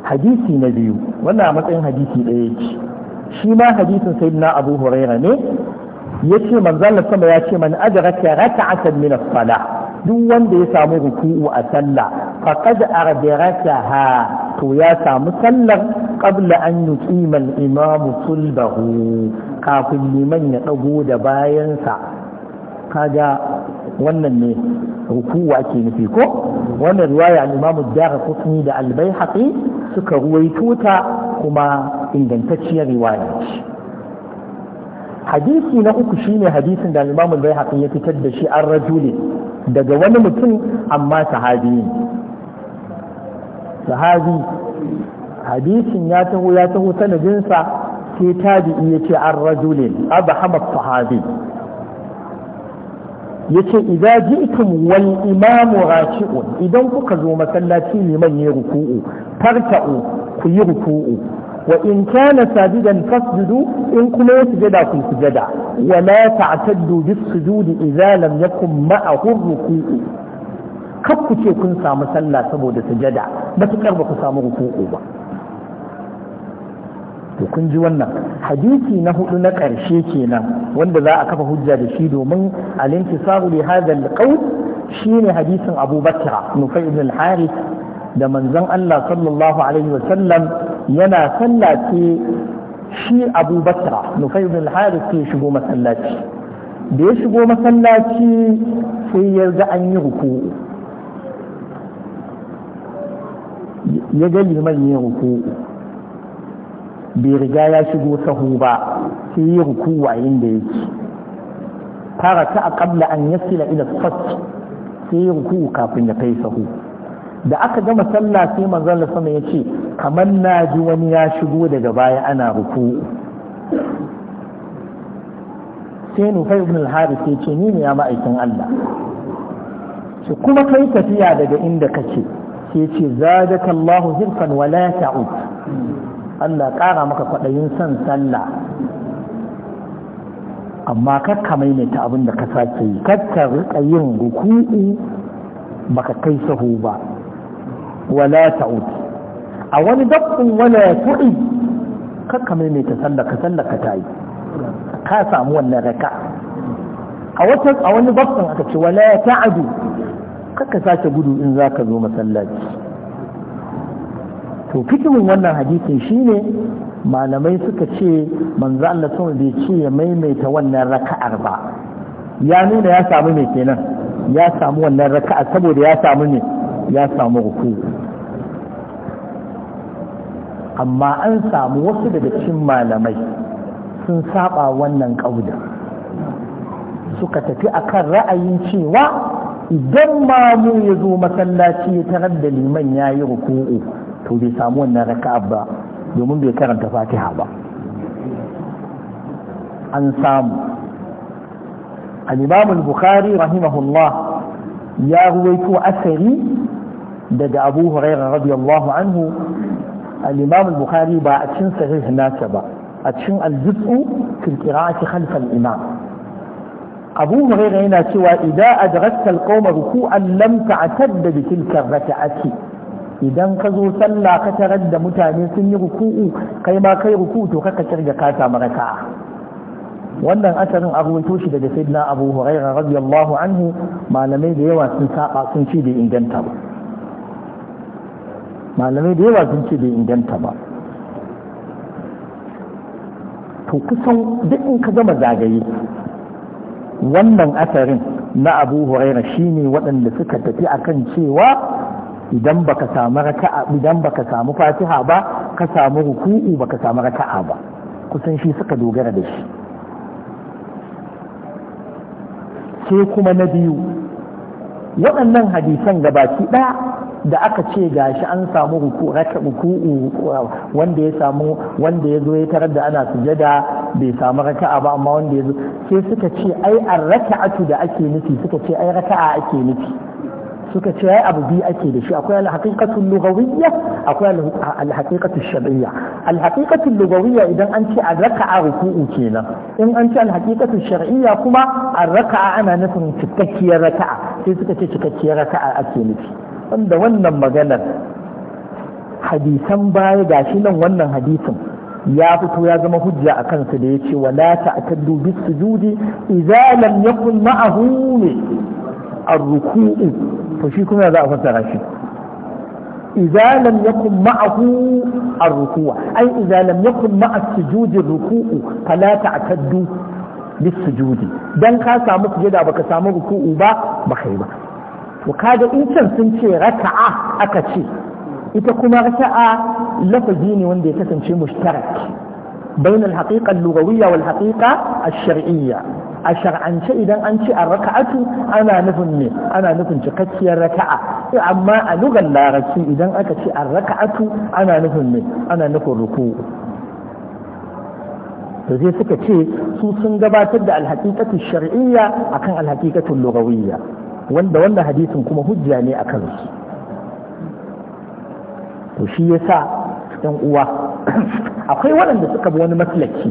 hadisi na biyu wannan a matsayin hadisi ɗaya ce shi ma hadisin na abu huraira ne yace manzon sama ya ce man adraka raka'atan min as-salah duk wanda ya samu ruku'u a sallah faqad ardarakaha to ya samu sallar qabla an yuqima al-imam sulbahu kafin liman ya dago da bayansa kaga wannan ne ruku'u ake nufi ko wannan riwaya al-imam ad da al-baihaqi suka ruwaito ta kuma ingantacciyar riwaya ce hadisi na uku shine hadisin da Imam bai haƙin ya fitar da shi an rajuli daga wani mutum amma sahabi ne sahabi hadisin ya taho ya taho sanadinsa sai tabi'i ya ce an rajulin abu hamad sahabi yace idza ji'tum wal imam raki'un idan kuka zo masallaci liman ya ruku'u farka'u ku yi ruku'u wa in kana sajidan fasjudu in kuma ya sujada ku sujada wa la ta'taddu bis sujudi idza lam yakun ma'ahu ruku'u kar ku ce kun samu sallah saboda sujada ba ta ba ku samu ruku'u ba to kun ji wannan hadisi na hudu na ƙarshe kenan wanda za a kafa hujja da shi domin al-intisaru li hadha al shine hadisin Abu Bakr Nufay al-Harith da manzon Allah sallallahu alaihi wa sallam yana sallace shi Abu Bakr Nufay al-Harith ya shigo masallaci da ya shigo masallaci sai ya ga an yi ruku ya ga liman yin bai riga ya shigo sahu ba sai yi ruku a inda yake fara ta a kabla an yasila ila sat sai yi ruku kafin ya kai sahu da aka gama sallah sai manzon Allah sama yace kamar na ji wani ya shigo daga baya ana ruku sai nufai ibn al-harith ce ni ne ya ma'aikin Allah ce kuma kai tafiya daga inda kake sai ce zadaka Allahu hirfan wala ta'ud Allah ƙara maka kwaɗayin son sallah amma kakka maimaita abin da ka sake yi kakka riƙa yin ruku'u baka kai sahu ba wala ta'ud a wani dabbun wala tu'i kakka maimaita sallaka sallaka ta yi ka samu wannan raka a wata a wani dabbun aka ce wala ta'adu kakka sake gudu in zaka zo masallaci to fikihun wannan hadisin shine malamai suka ce manzo Allah sun bai ce ya maimaita wannan raka'ar ba ya nuna ya samu me kenan ya samu wannan raka'a saboda ya samu ne ya samu ruku amma an samu wasu daga cikin malamai sun saba wannan kauda suka tafi akan ra'ayin cewa idan mamu ya zo masallaci ta tarar da liman ya yi ruku'u to bai samu wannan raka'a ba domin bai karanta fatiha ba an samu al-imam al-bukhari rahimahullah ya ruwaito asari daga abu hurairah radiyallahu anhu al-imam al-bukhari ba a cikin sahih nasa ba a cikin al-juz'u fil qira'ati khalf al-imam abu hurairah yana cewa idza adrakta al-qawma ruku'an lam ta'tadda bi tilka ar-raka'ati idan ka zo sallah ka tarar da mutane sun yi ruku'u kai ma kai ruku'u to kaka kirga ka samu raka'a wannan asarin an ruwaito shi daga sayyidina Abu Hurairah radiyallahu anhu malamai da yawa sun saba sun ce bai inganta ba malamai da yawa sun ce bai inganta ba to kusan duk in ka gama zagaye wannan asarin na Abu Hurairah shine waɗanda suka tafi akan cewa idan baka samu raka'a idan baka samu fatiha ba ka samu ruku'u baka samu raka'a ba kusan shi suka dogara da shi sai kuma na biyu waɗannan hadisan gabaki ɗaya da aka ce gashi an samu ruku'u wanda ya samu wanda ya zo ya tarar da ana sujada bai samu raka'a ba amma wanda ya zo sai suka ce ai an raka'atu da ake nufi suka ce ai raka'a ake nufi suka ce ya abu biyu ake da shi akwai alhaƙiƙatun lugawiyya akwai alhaƙiƙatun shar'iyya alhaƙiƙatun lugawiyya idan an ce a ruku'u kenan in an ce alhaƙiƙatun shar'iyya kuma a ana nufin cikakkiyar raka'a sai suka ce cikakkiyar raka'a ake nufi wanda wannan maganar hadisan baya gashi nan wannan hadisin ya fito ya zama hujja a kansa da ya ce wala ta'taddu bis sujudi idza lam yakun ma'ahu ar-ruku'u to shi kuma za a fassara shi إذا لم يكن معه الركوع أي إذا لم يكن مع السجود الركوع فلا تعتد بالسجود دان كا سامو سجدا بك سامو ركوع با بخي با وكاجا سنشي ركعة أكشي ita kuma raka'a lafazi ne wanda ya kasance mushtarak bainal haqiqa al wal haqiqa ash-shar'iyya a shar'ance idan an ce a raka'atu ana nufin ne ana nufin cikakkiyar raka'a amma a lugar larabci idan aka ce a raka'atu ana nufin ne ana nufin ruku to sai suka ce su sun gabatar da alhaqiqatu shar'iyya akan alhaqiqatu lughawiyya wanda wanda hadisin kuma hujja ne akan su to shi yasa ɗan uwa akwai waɗanda suka bi wani maslaki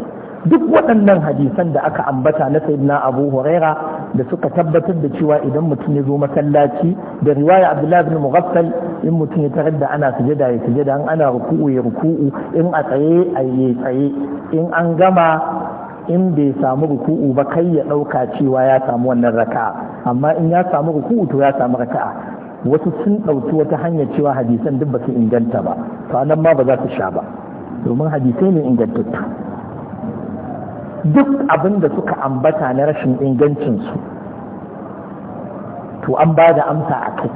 duk waɗannan hadisan da aka ambata na sayyidina abu huraira da suka tabbatar da cewa idan mutum ya zo masallaci da riwaya abdullahi bin mughaffal in mutum ya tarar da ana sujada ya sujada in ana ruku'u ya ruku'u in a tsaye a yi tsaye in an gama in bai samu ruku'u ba kai ya ɗauka cewa ya samu wannan raka'a amma in ya samu ruku'u to ya samu raka'a wasu sun ɗauki wata hanyar cewa hadisan duk ba su inganta ba to anan ma ba za su sha ba domin hadisai ne ingantattu duk abin da suka ambata na rashin ingancinsu to an ba da amsa a kai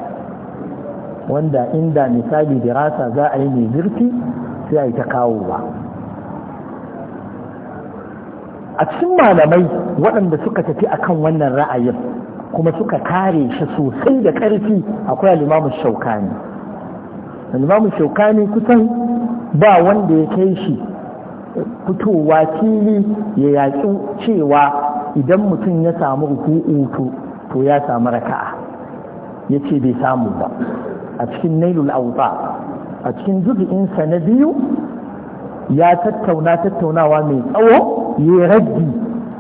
wanda inda misali dirasa za a yi mai zurfi sai a yi ta kawo ba a cikin malamai waɗanda suka tafi akan wannan ra'ayin kuma suka kare shi sosai da ƙarfi akwai alimamu shaukani alimamu shaukani kusan ba wanda ya kai shi fitowa fili ya yaƙi cewa idan mutum ya samu ruku'u to ya samu raka'a ya ce bai samu ba a cikin nailul auta a cikin jubi'insa na biyu ya tattauna tattaunawa mai tsawo ya raddi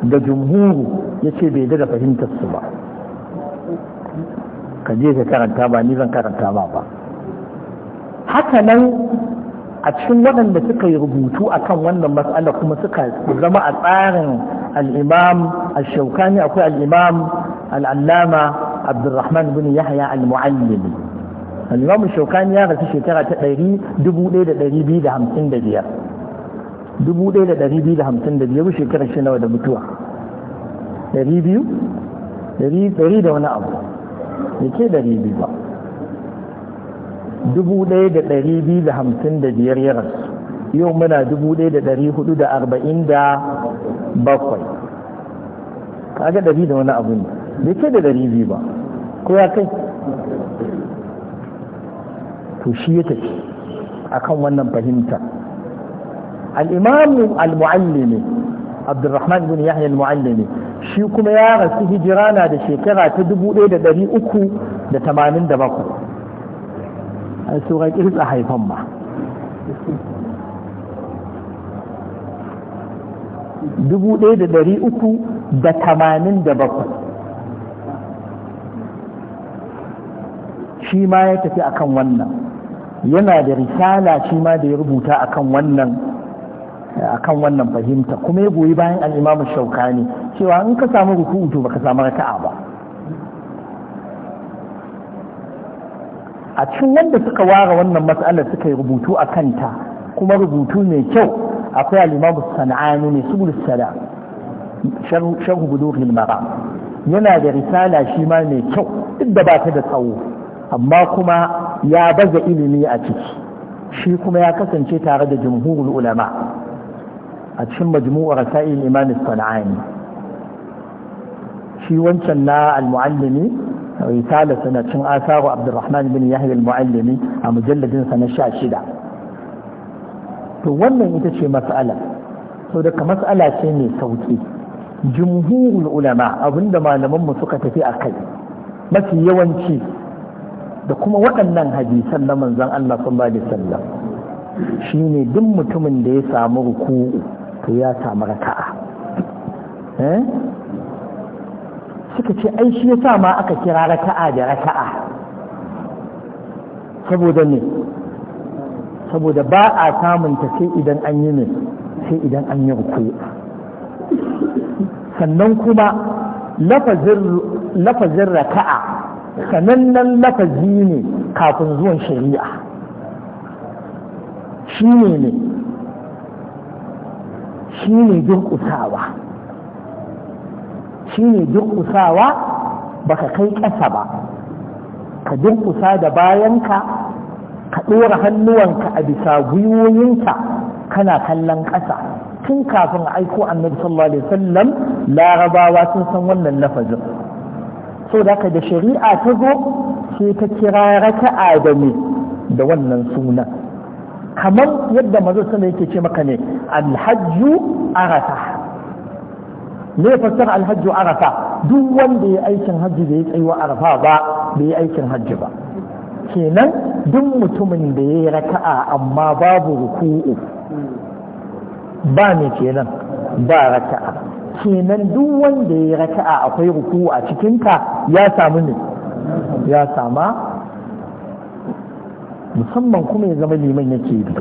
da jumhuru ya ce bai daga fahimtar su ba ka je ka karanta ba ni zan karanta ba ba haka nan a cikin waɗanda suka yi rubutu a kan wannan matsala kuma suka zama a tsarin al'imam al-shaukani akwai al'imam al'allama abdurrahman bin yahya al muallim al'imam shaukani ya rasu shekara ta ɗari dubu ɗaya da ɗari biyu da hamsin da biyar dubu ɗaya da ɗari biyu da hamsin da biyar shekara shi nawa da mutuwa ɗari biyu ɗari da wani abu da ke ɗari biyu ba dubu ɗaya da ɗari biyu da hamsin da biyar yau muna dubu ɗaya da ɗari da arba'in da bakwai kaga ɗari da wani abu ne bai ke da ɗari biyu ba ko ya kai to shi ya tafi akan wannan fahimta al'imamu al-mu'allimi abdurrahman bin yahya al-mu'allimi shi kuma ya rasu hijira na da shekara ta dubu ɗaya da ɗari uku da tamanin da bakwai a sauran kirza haifan ma dubu ɗaya da ɗari uku da tamanin da bakwai shi ma ya tafi akan wannan yana da risala shi ma da ya rubuta akan wannan wannan fahimta kuma ya goyi bayan al'imamu ne. cewa in ka samu ruku'u to ka samu raka'a ba a cikin wanda suka ware wannan matsalar suka yi rubutu a kanta kuma rubutu mai kyau akwai alimamu sana'ani ne subul sada sharhu bulughil maram yana da risala shi ma mai kyau duk da ba ta da tsawo amma kuma ya baza ilimi a ciki shi kuma ya kasance tare da jumhurul ulama a cikin majmu'ar rasail imam sana'ani shi wancan na al-muallimi risala sana cin asaru abdurrahman bin yahya al-muallimi a mujalladin sa na 16 to wannan ita ce mas'ala to daga mas'ala ce mai sauki jumhurul ulama abinda malaman mu suka tafi a kai mafi yawanci da kuma waɗannan hadisan na manzon Allah sallallahu alaihi wasallam shine duk mutumin da ya samu ruku'u to ya samu raka'a suka ce ai shi yasa ma aka kira raka'a da raka'a saboda ne saboda ba a samun ta sai idan an yi ne sai idan an yi ruku sannan kuma lafazin raka'a sanannen lafazi ne kafin zuwan shari'a shi ne ne shi ne durƙusawa shine durƙusawa baka kai ƙasa ba ka durƙusa da bayanka ka ɗora hannuwanka a bisa gwiwoyinka kana kallon ƙasa tun kafin aiko annabi sallallahu alaihi wasallam larabawa sun san wannan lafazin so da da shari'a ta zo sai ta kira Adamu da da wannan suna kamar yadda mazo sana yake ce maka ne alhajju arasa. ne fassara alhajju arafa duk wanda ya aikin hajji bai tsayuwa arafa ba bai aikin hajji ba kenan duk mutumin da ya yi raka'a amma babu ruku'u ba ne kenan ba raka'a kenan duk wanda ya yi raka'a akwai ruku'u a cikinta ya samu ne ya sama musamman kuma ya zama liman yake bi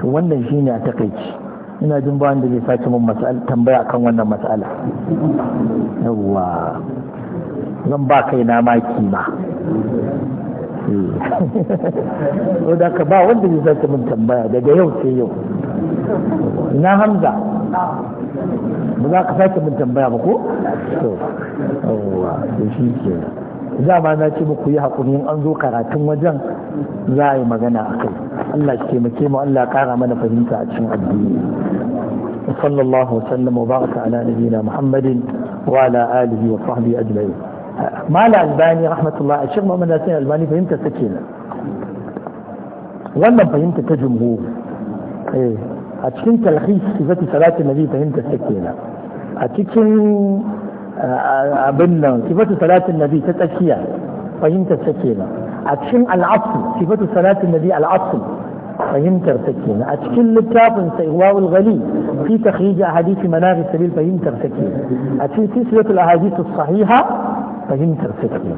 to wannan shine a takaici ina jin ba wanda zai sace mun tambaya kan wannan mas'ala yawwa zan ba kai na maki ma eh. da ka ba wanda zai sace mun tambaya daga yau sai yau ina hamza ba za ka sake mun tambaya ba ko to yawwa da shi ke zama na ce muku yi haƙuri in an zo karatun wajen za a yi magana a kai Allah ke mu mu Allah ƙara mana fahimta a cikin addini صلى الله وسلم وبارك على نبينا محمد وعلى آله وصحبه أجمعين ما الألباني رحمة الله الشيخ محمد ناسين الألباني فهمت سكينة ولا فهمت كجمهور ايه أتكين تلخيص صفة صلاة النبي فهمت سكينة أتكين أبنى صفة صلاة النبي تتأكية فهمت سكينة أتكين العصر صفة صلاة النبي العصر فهمت تكين أتكل الكاف انسى الغلي في تخريج أحاديث مناهج السبيل فهمت تكين أتكل سلسلة الأحاديث الصحيحة فهمت تكين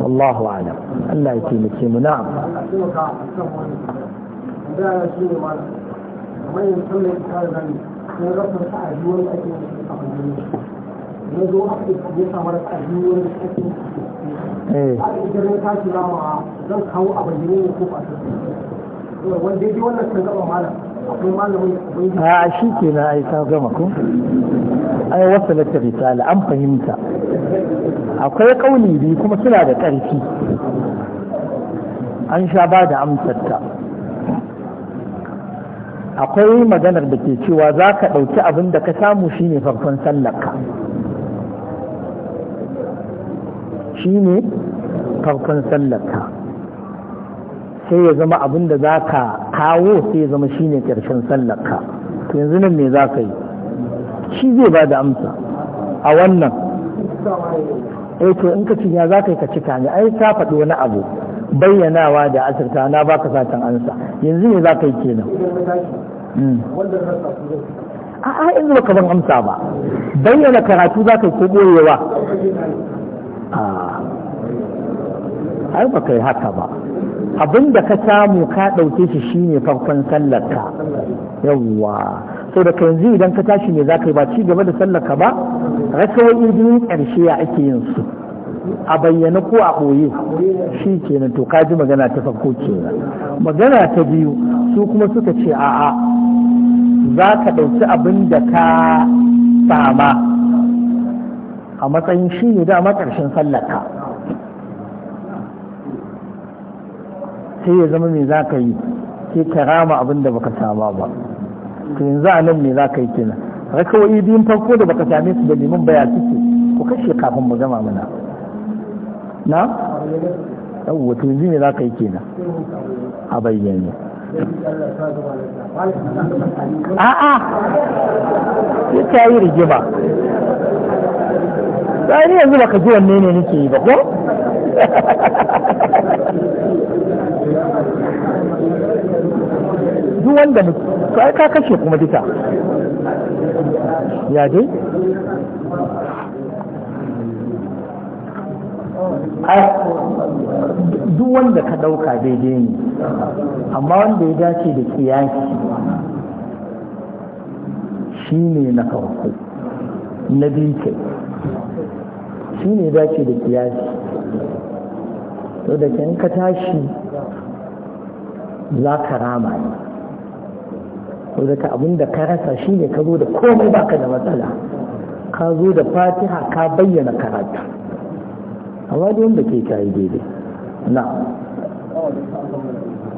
والله أعلم ألا يكين الكيم نعم ايه, إيه. wanda ya wannan sun gaba malam akwai malamin a shi ke na ai ta gama ko ai na an fahimta akwai kauli biyu kuma suna da ƙarfi an sha ba da amsarta akwai maganar da ke cewa za ka ɗauki abin da ka samu shine farkon sallarka shine farkon sallarka sai ya zama abin da za ka kawo sai ya zama shine ƙarshen sallarka to yanzu nan me za ka yi shi zai ba da amsa a wannan eh to in ka cinya za ka yi ka cika ne ai ka faɗi wani abu bayyanawa da asirta na baka satan ansa yanzu ne za ka yi kenan hmm. a'a yanzu ba ka ban amsa ba bayyana karatu za ka yi ko boyewa a har ba ka yi haka ba abin da ka samu ka ɗauke shi shine farkon sallarka yawwa sau da yanzu idan ka tashi ne za ka yi ba ci gaba da sallaka ba rakawoyi biyun ƙarshe a ake yin su a bayyana ko a ɓoye shi kenan to kaji magana ta farko kenan magana ta biyu su kuma suka ce a'a za ka ɗauki abin da ka sama a matsayin shi ne dama ƙarshen sallarka sai ya zama me za ka yi sai ka rama abin da baka sama ba to yanzu a nan me za ka yi kenan rakawai biyun farko da baka same su da neman baya suke ku kashe kafin mu gama mana na yawwa to yanzu me za ka yi kenan a bayyane a'a ya ta yi rigima ni yanzu baka ji wanne ne nake yi ba ko duk wanda mutu to ai ka kashe kuma duka ya dai duk wanda ka ɗauka daidai ne amma wanda ya dace da kiyaki shi ne na farko na biyu shi ne dace da kiyaki to da ka tashi za ka rama ne ko da abin da ka rasa shi ne ka zo da komai baka da matsala ka zo da fatiha ka bayyana karatu amma da wanda ke kayi daidai na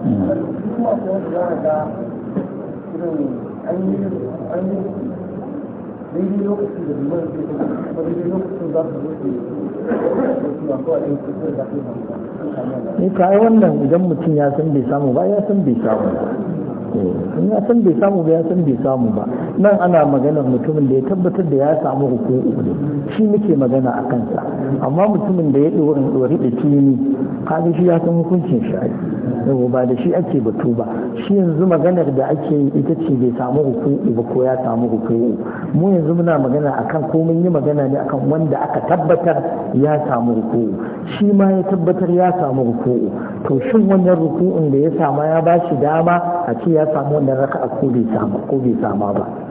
ne eh, kayi wannan idan mutum ya san bai samu ba ya san bai samu Eh, ya san bai samu ba ya san bai samu ba nan ana maganar mutumin da ya tabbatar da ya samu hukun shi muke magana a kansa amma mutumin da ya ɗorin ɗori da kini kaga shi ya san hukuncin shi yau ba da shi ake batu ba shi yanzu maganar da ake yi ita ce bai samu hukun ba ko ya samu hukun mu yanzu muna magana akan ko mun yi magana ne akan wanda aka tabbatar ya samu hukun shi ma ya tabbatar ya samu hukun to shin wannan ruku'un da ya sama ya ba shi dama a ce ya samu wannan raka'a ko ko bai sama ba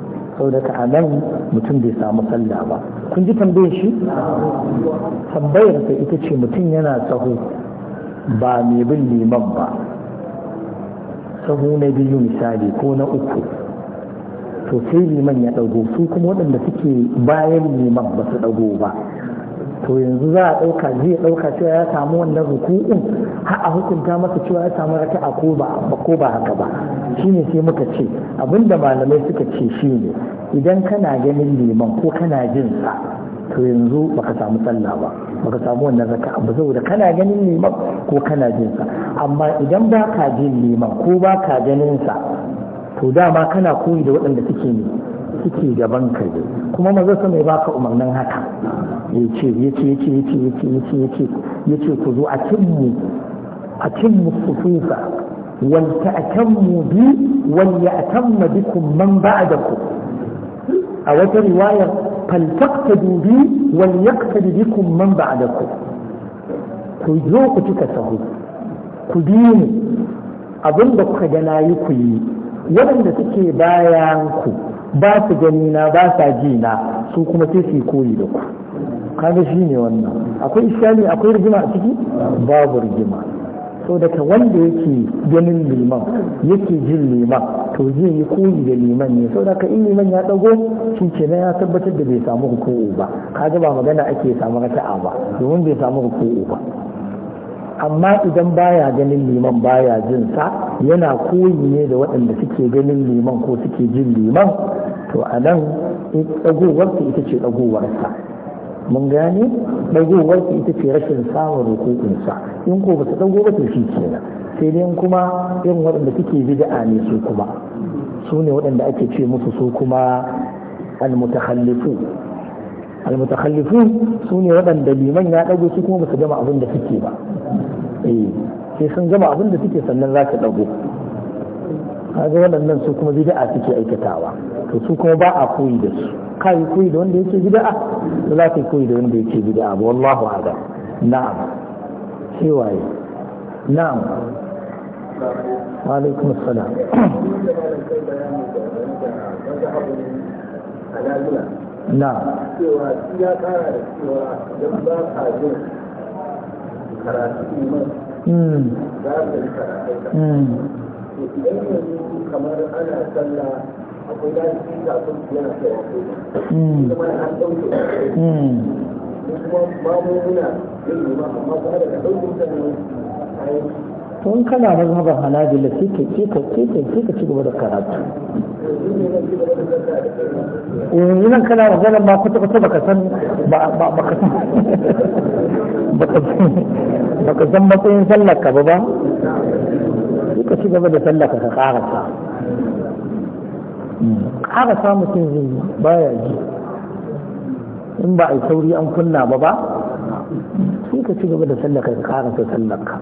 saboda a nan mutum bai samu sallah ba kun ji tambayar shi tambayar ta ita ce mutum yana tsaho. ba mai bin liman ba Tsaho na biyu misali ko na uku to sai liman ya ɗago su kuma waɗanda suke bayan liman ba su ɗago ba to yanzu za a ɗauka zai ɗauka cewa ya samu wannan ruku'un har a hukunta masa cewa ya samu raka a ko ba haka ba shine sai muka ce abinda malamai suka ce shine idan kana ganin liman ko kana jin sa to yanzu baka samu sallah ba baka samu wannan raka ba saboda kana ganin liman ko kana jin sa amma idan ba ka jin liman ko ba ka ganin sa to dama kana koyi da waɗanda suke ne suke gaban ka ne kuma maza su mai baka umarnin haka Ya ya ya ya ce, ce, ce, ce, ya ce, ya ce, ya ce, ya ce, ku zo a mu a kimmu sufufa wal ta'tammu bi wal ya'tamma bikum man ba'dakum a wata riwaya fal taqtadu bi wal yaqtadi bikum man ba'dakum ku zo ku cika sahu ku bi ni abinda kuka ga nayi ku yi waɗanda suke bayan ku ba su gani na ba sa ji na su kuma sai su koyi da ku kaga shi ne wannan akwai islami akwai rigima a ciki babu rigima so daga wanda yake ganin liman yake jin liman to zai yi koyi da liman ne so daga in liman ya dago shi na ya tabbatar da bai samu hukuku ba kaga ba magana ake samu raka'a ba domin bai samu hukuku ba amma idan baya ganin liman baya jin sa yana koyi ne da waɗanda suke ganin liman ko suke jin liman to a nan ɗagowarsa ita ce ɗagowarsa mun gane ɗagowarsa ita ce rashin samun rukukunsa in ko ba su ɗago ba to shi kenan sai dai kuma yin waɗanda suke bid'a ne su kuma su ne waɗanda ake ce musu su kuma al mutahallifu almutakhallifun su ne waɗanda liman ya ɗago su kuma ba su gama abin da suke ba eh sai sun gama abin da suke sannan za ka ɗago ga waɗannan su kuma bid'a suke aikatawa to su kuma ba a koyi da su kai koyi da wanda yake bid'a ba za ka koyi da wanda yake bid'a ba wallahu a'lam na'am sai waye na'am wa alaikum assalam na cewa ya kara da cewa don ba ka jin karatu iman mm. za ka yi karatu mm. to idan yanzu kamar ana sallah akwai ya shi ka sun yana kai ko mm. kuma an dauke kuma ba mu muna yin amma ba da dauke sannan tun kana mazhabar hanabila sai ka ce ci gaba da karatu yanzu eh, nan kana magana ma kwata kwata baka san baka san baka matsayin sallaka ba ba sai ka ci gaba da sallaka ka karasa hmm, karasa mutum zai baya ji in ba a yi sauri an kunna ba ba sai ka ci gaba da sallaka ka karasa sallaka.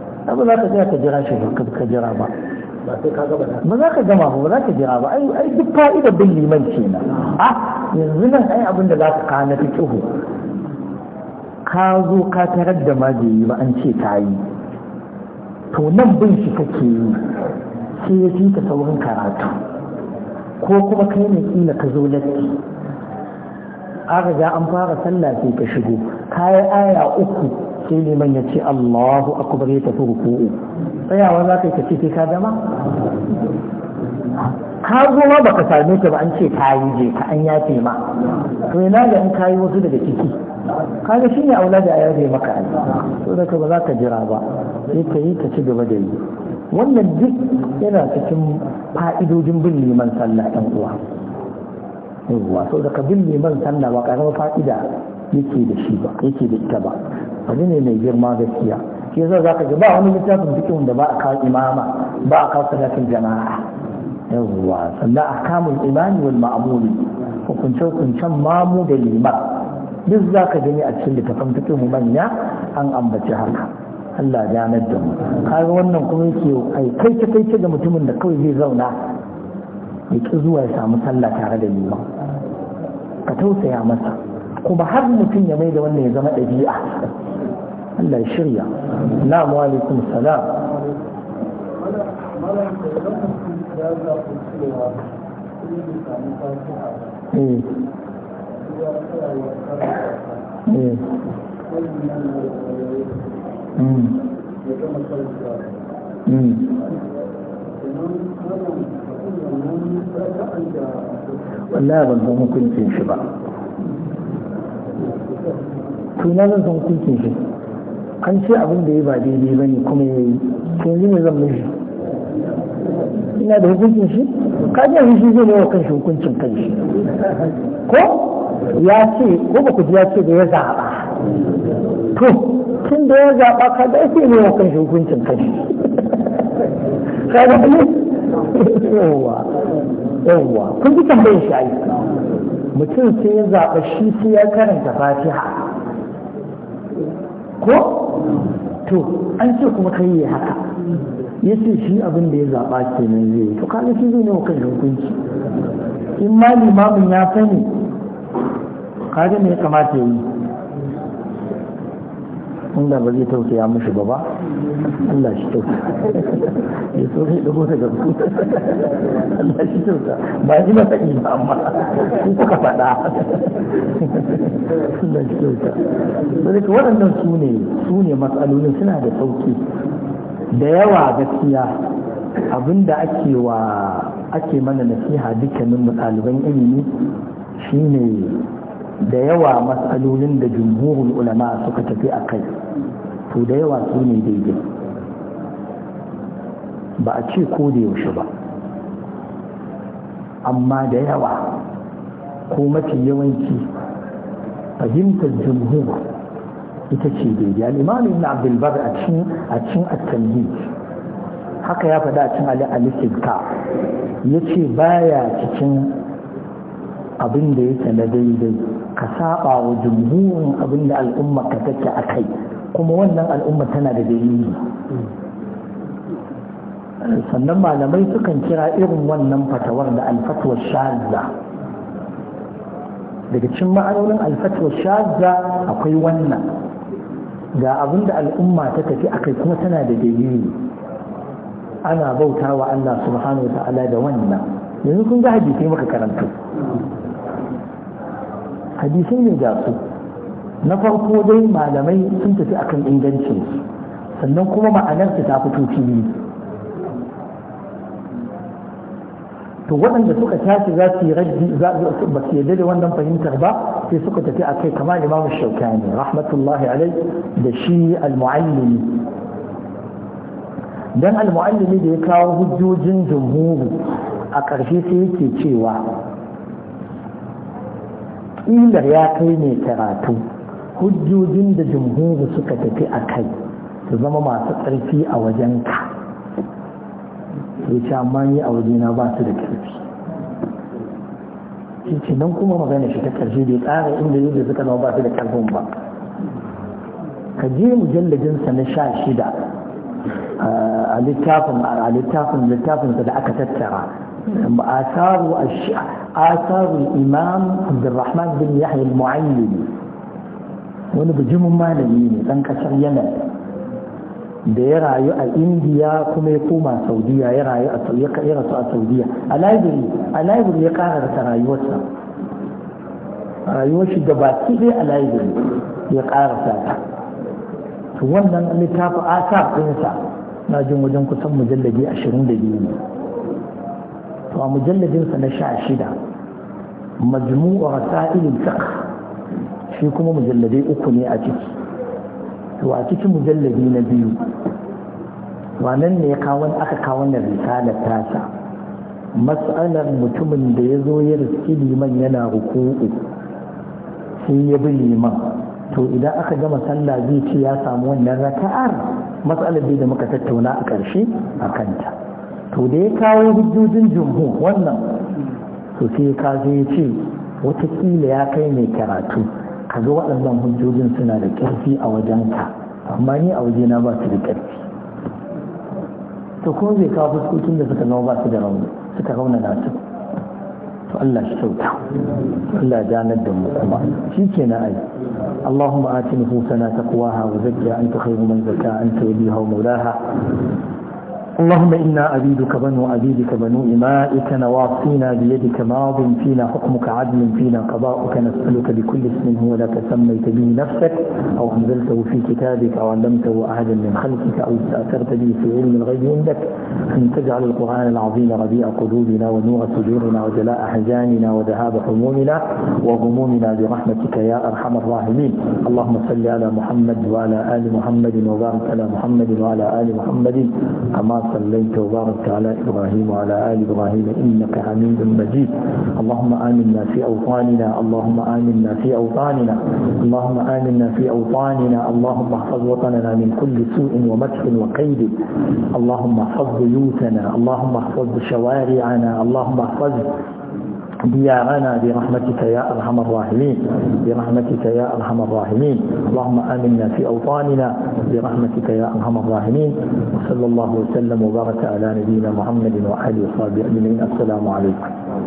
abu za ka tsaya ka jira shi ka jira ba ba za ka gama ba za ka jira ba ai duk fa'idar bin liman ce na a yanzu nan ai abin da za ka kana ta kihu ka zo ka tarar da majiyi ba an ce ta yi to nan bin shi kake yi sai ya fi ka saurin karatu ko kuma kai ne kila ka zo latti an riga an fara sallah sai ka shigo kayi aya uku sai liman ya ce Allahu akbar ya tafi ruku'u tsayawa za ka yi kace sai ka gama ka zo ma baka same ka ba an ce ta yi je ka an yafe ma to ina ga in kayi wasu daga ciki ka ga shine aula da ayabe maka ai to da ba za ka jira ba sai ka yi ka ci gaba da yi wannan duk yana cikin fa'idojin bin liman sallah ɗan uwa yawwa to da ka bin liman sallah ba karamar fa'ida yake da shi ba yake da ita ba wani ne mai girma gaskiya ke zai za ka ga ba wani littafin cikin da ba a kawo imama ba a kawo salatin jama'a yawwa sannan a kamun imani wal ma'amuli hukunce hukuncen mamu da liman duk za ka gani a cikin littafin cikin manya an ambaci haka Allah ya da mu kaga wannan kuma yake kai kai ta kai da mutumin da kawai zai zauna ya zuwa ya samu sallah tare da liman ka tausaya masa kuma har mutum ya mai da wannan ya zama ɗabi'a Allah ya shirya na alaikum salam wallahi ban zama hukuncin shi ba to na zan san hukuncin shi an ce abin da ya ba daidai ba ne kuma ya yi to yanzu ne zan mishi ina da hukuncin shi ka ji shi zai ne wa kanshi hukuncin kanshi ko ya ce ko ba ku ji ya ce da ya zaɓa to tun da ya zaɓa ka ga ake ne wa kanshi hukuncin kanshi ka ga ne yawwa yawwa kun ji tambayar shi ai mutum sai ya zaɓa shi sai ya karanta fatiha ko to an ce kuma kai yi haka ya ce shi abin da ya zaɓa ke nan zai yi to kaga shi zai ne wa kan hukunci in ma limamin ya sani kaga me ya kamata ya yi inda ba zai tausaya mushi ba ba Allah shi waɗannan su ne suna da sauki da yawa gaskiya abinda ake mana nasiha dukkanin ɗaliban ilimi shine da yawa matsalolin da jumhurul ulama suka tafi a kai to da yawa su ne daidai ba a ce ko da yaushe ba amma da yawa ko mafi yawanci fahimtar jumhur ita ce daidai al'imamu na abdulbar a cin a cin attalhi haka ya faɗa a cin al'alikinka ya ce baya cikin abin da yake na daidai ka saba wa jumhurin abin da al'umma ka take a kai kuma wannan al'umma tana da dalili sannan malamai sukan kira irin wannan fatawar da alfatuwa shazza daga cin ma'anonin alfatuwa shazza akwai wannan ga abin da al'umma ta tafi akai kuma tana da dalili ana bauta wa Allah subhanahu wa ta'ala da wannan yanzu kun ga hadisai maka karanta hadisai mai gasu. na farko dai malamai sun tafi akan ingancin sannan kuma ma'anarsa ta fito fili to waɗanda suka tashi za su yi ba su da wannan fahimtar ba sai suka tafi a kai kamar imamu shaukani rahmatullahi alai da shi al-mu'allimi dan al-mu'allimi da ya kawo hujjojin jumhuri a ƙarshe sai yake cewa ƙilar ya kai ne karatu hujjojin da jumhuru suka tafi a kai su zama masu ƙarfi a wajen ka yace amma yi a wajena ba su da ƙarfi shi ce nan kuma magana shi ta ƙarshe bai tsara inda yadda suka zama ba su da ƙarfin ba ka je mu mujalladinsa na sha shida a littafin a littafin littafinsa da aka tattara asaru asaru imam abdurrahman bin yahya al-mu'ayyili wani bijimin malami ne ɗan ƙasar yanar da ya rayu a indiya kuma ya koma saudiya ya rayu ya rasu a saudiya a library a library ya kararta rayuwarsa rayuwar shi da baki ɗaya a library ya kararta ta to wannan a sa ɗinsa na jin wajen kusan mujallabi ashirin da biyu ne to a mujallabinsa na sha shida majmu'a sa'ilin fiqh shi kuma mujalladai uku ne a ciki to a cikin mujalladi na biyu wannan ne kawon aka kawo risala risalar tasa mas'alar mutumin da ya zo ya riski liman yana ruku'u sai ya bi liman to idan aka gama sallah zai ce ya samu wannan raka'ar matsalar da muka tattauna a ƙarshe a kanta to da ya kawo hujjojin jumhu wannan to sai ya kawo ya ce watakila ya kai mai karatu ka ga waɗannan hujjojin suna da ƙarfi a wajenka amma ni a wajena ba su da ƙarfi to kuma zai kawo fuskokin da suka zama ba su da rauni suka rauna na su to Allah shi sauta Allah janar da mu kuma shi ke na ai اللهم آت نفوسنا تقواها وزكها أنت man من زكاها أنت وليها ومولاها اللهم إنا عبيدك بنو عبيدك بنو إمائك نواصينا بيدك ماض فينا حكمك عدل فينا قضاؤك نسألك بكل اسم هو لك سميت به نفسك أو أنزلته في كتابك أو علمته أحدا من خلقك أو استأثرت به في علم الغيب عندك أن تجعل القرآن العظيم ربيع قلوبنا ونور صدورنا وجلاء أحزاننا وذهاب همومنا وغمومنا برحمتك يا أرحم الراحمين اللهم صل على محمد وعلى آل محمد وبارك على محمد وعلى آل محمد كما صليت وباركت على إبراهيم وعلى آل إبراهيم إنك حميد مجيد اللهم آمنا في أوطاننا اللهم آمنا في أوطاننا اللهم آمنا في أوطاننا اللهم احفظ وطننا من كل سوء ومكر وقيد اللهم احفظ بيوتنا اللهم احفظ شوارعنا اللهم احفظ ديارنا برحمتك يا أرحم الراحمين برحمتك يا أرحم الراحمين اللهم آمنا في أوطاننا برحمتك يا أرحم الراحمين وصلى الله وسلم وبارك على نبينا محمد وآله وصحبه أجمعين السلام عليكم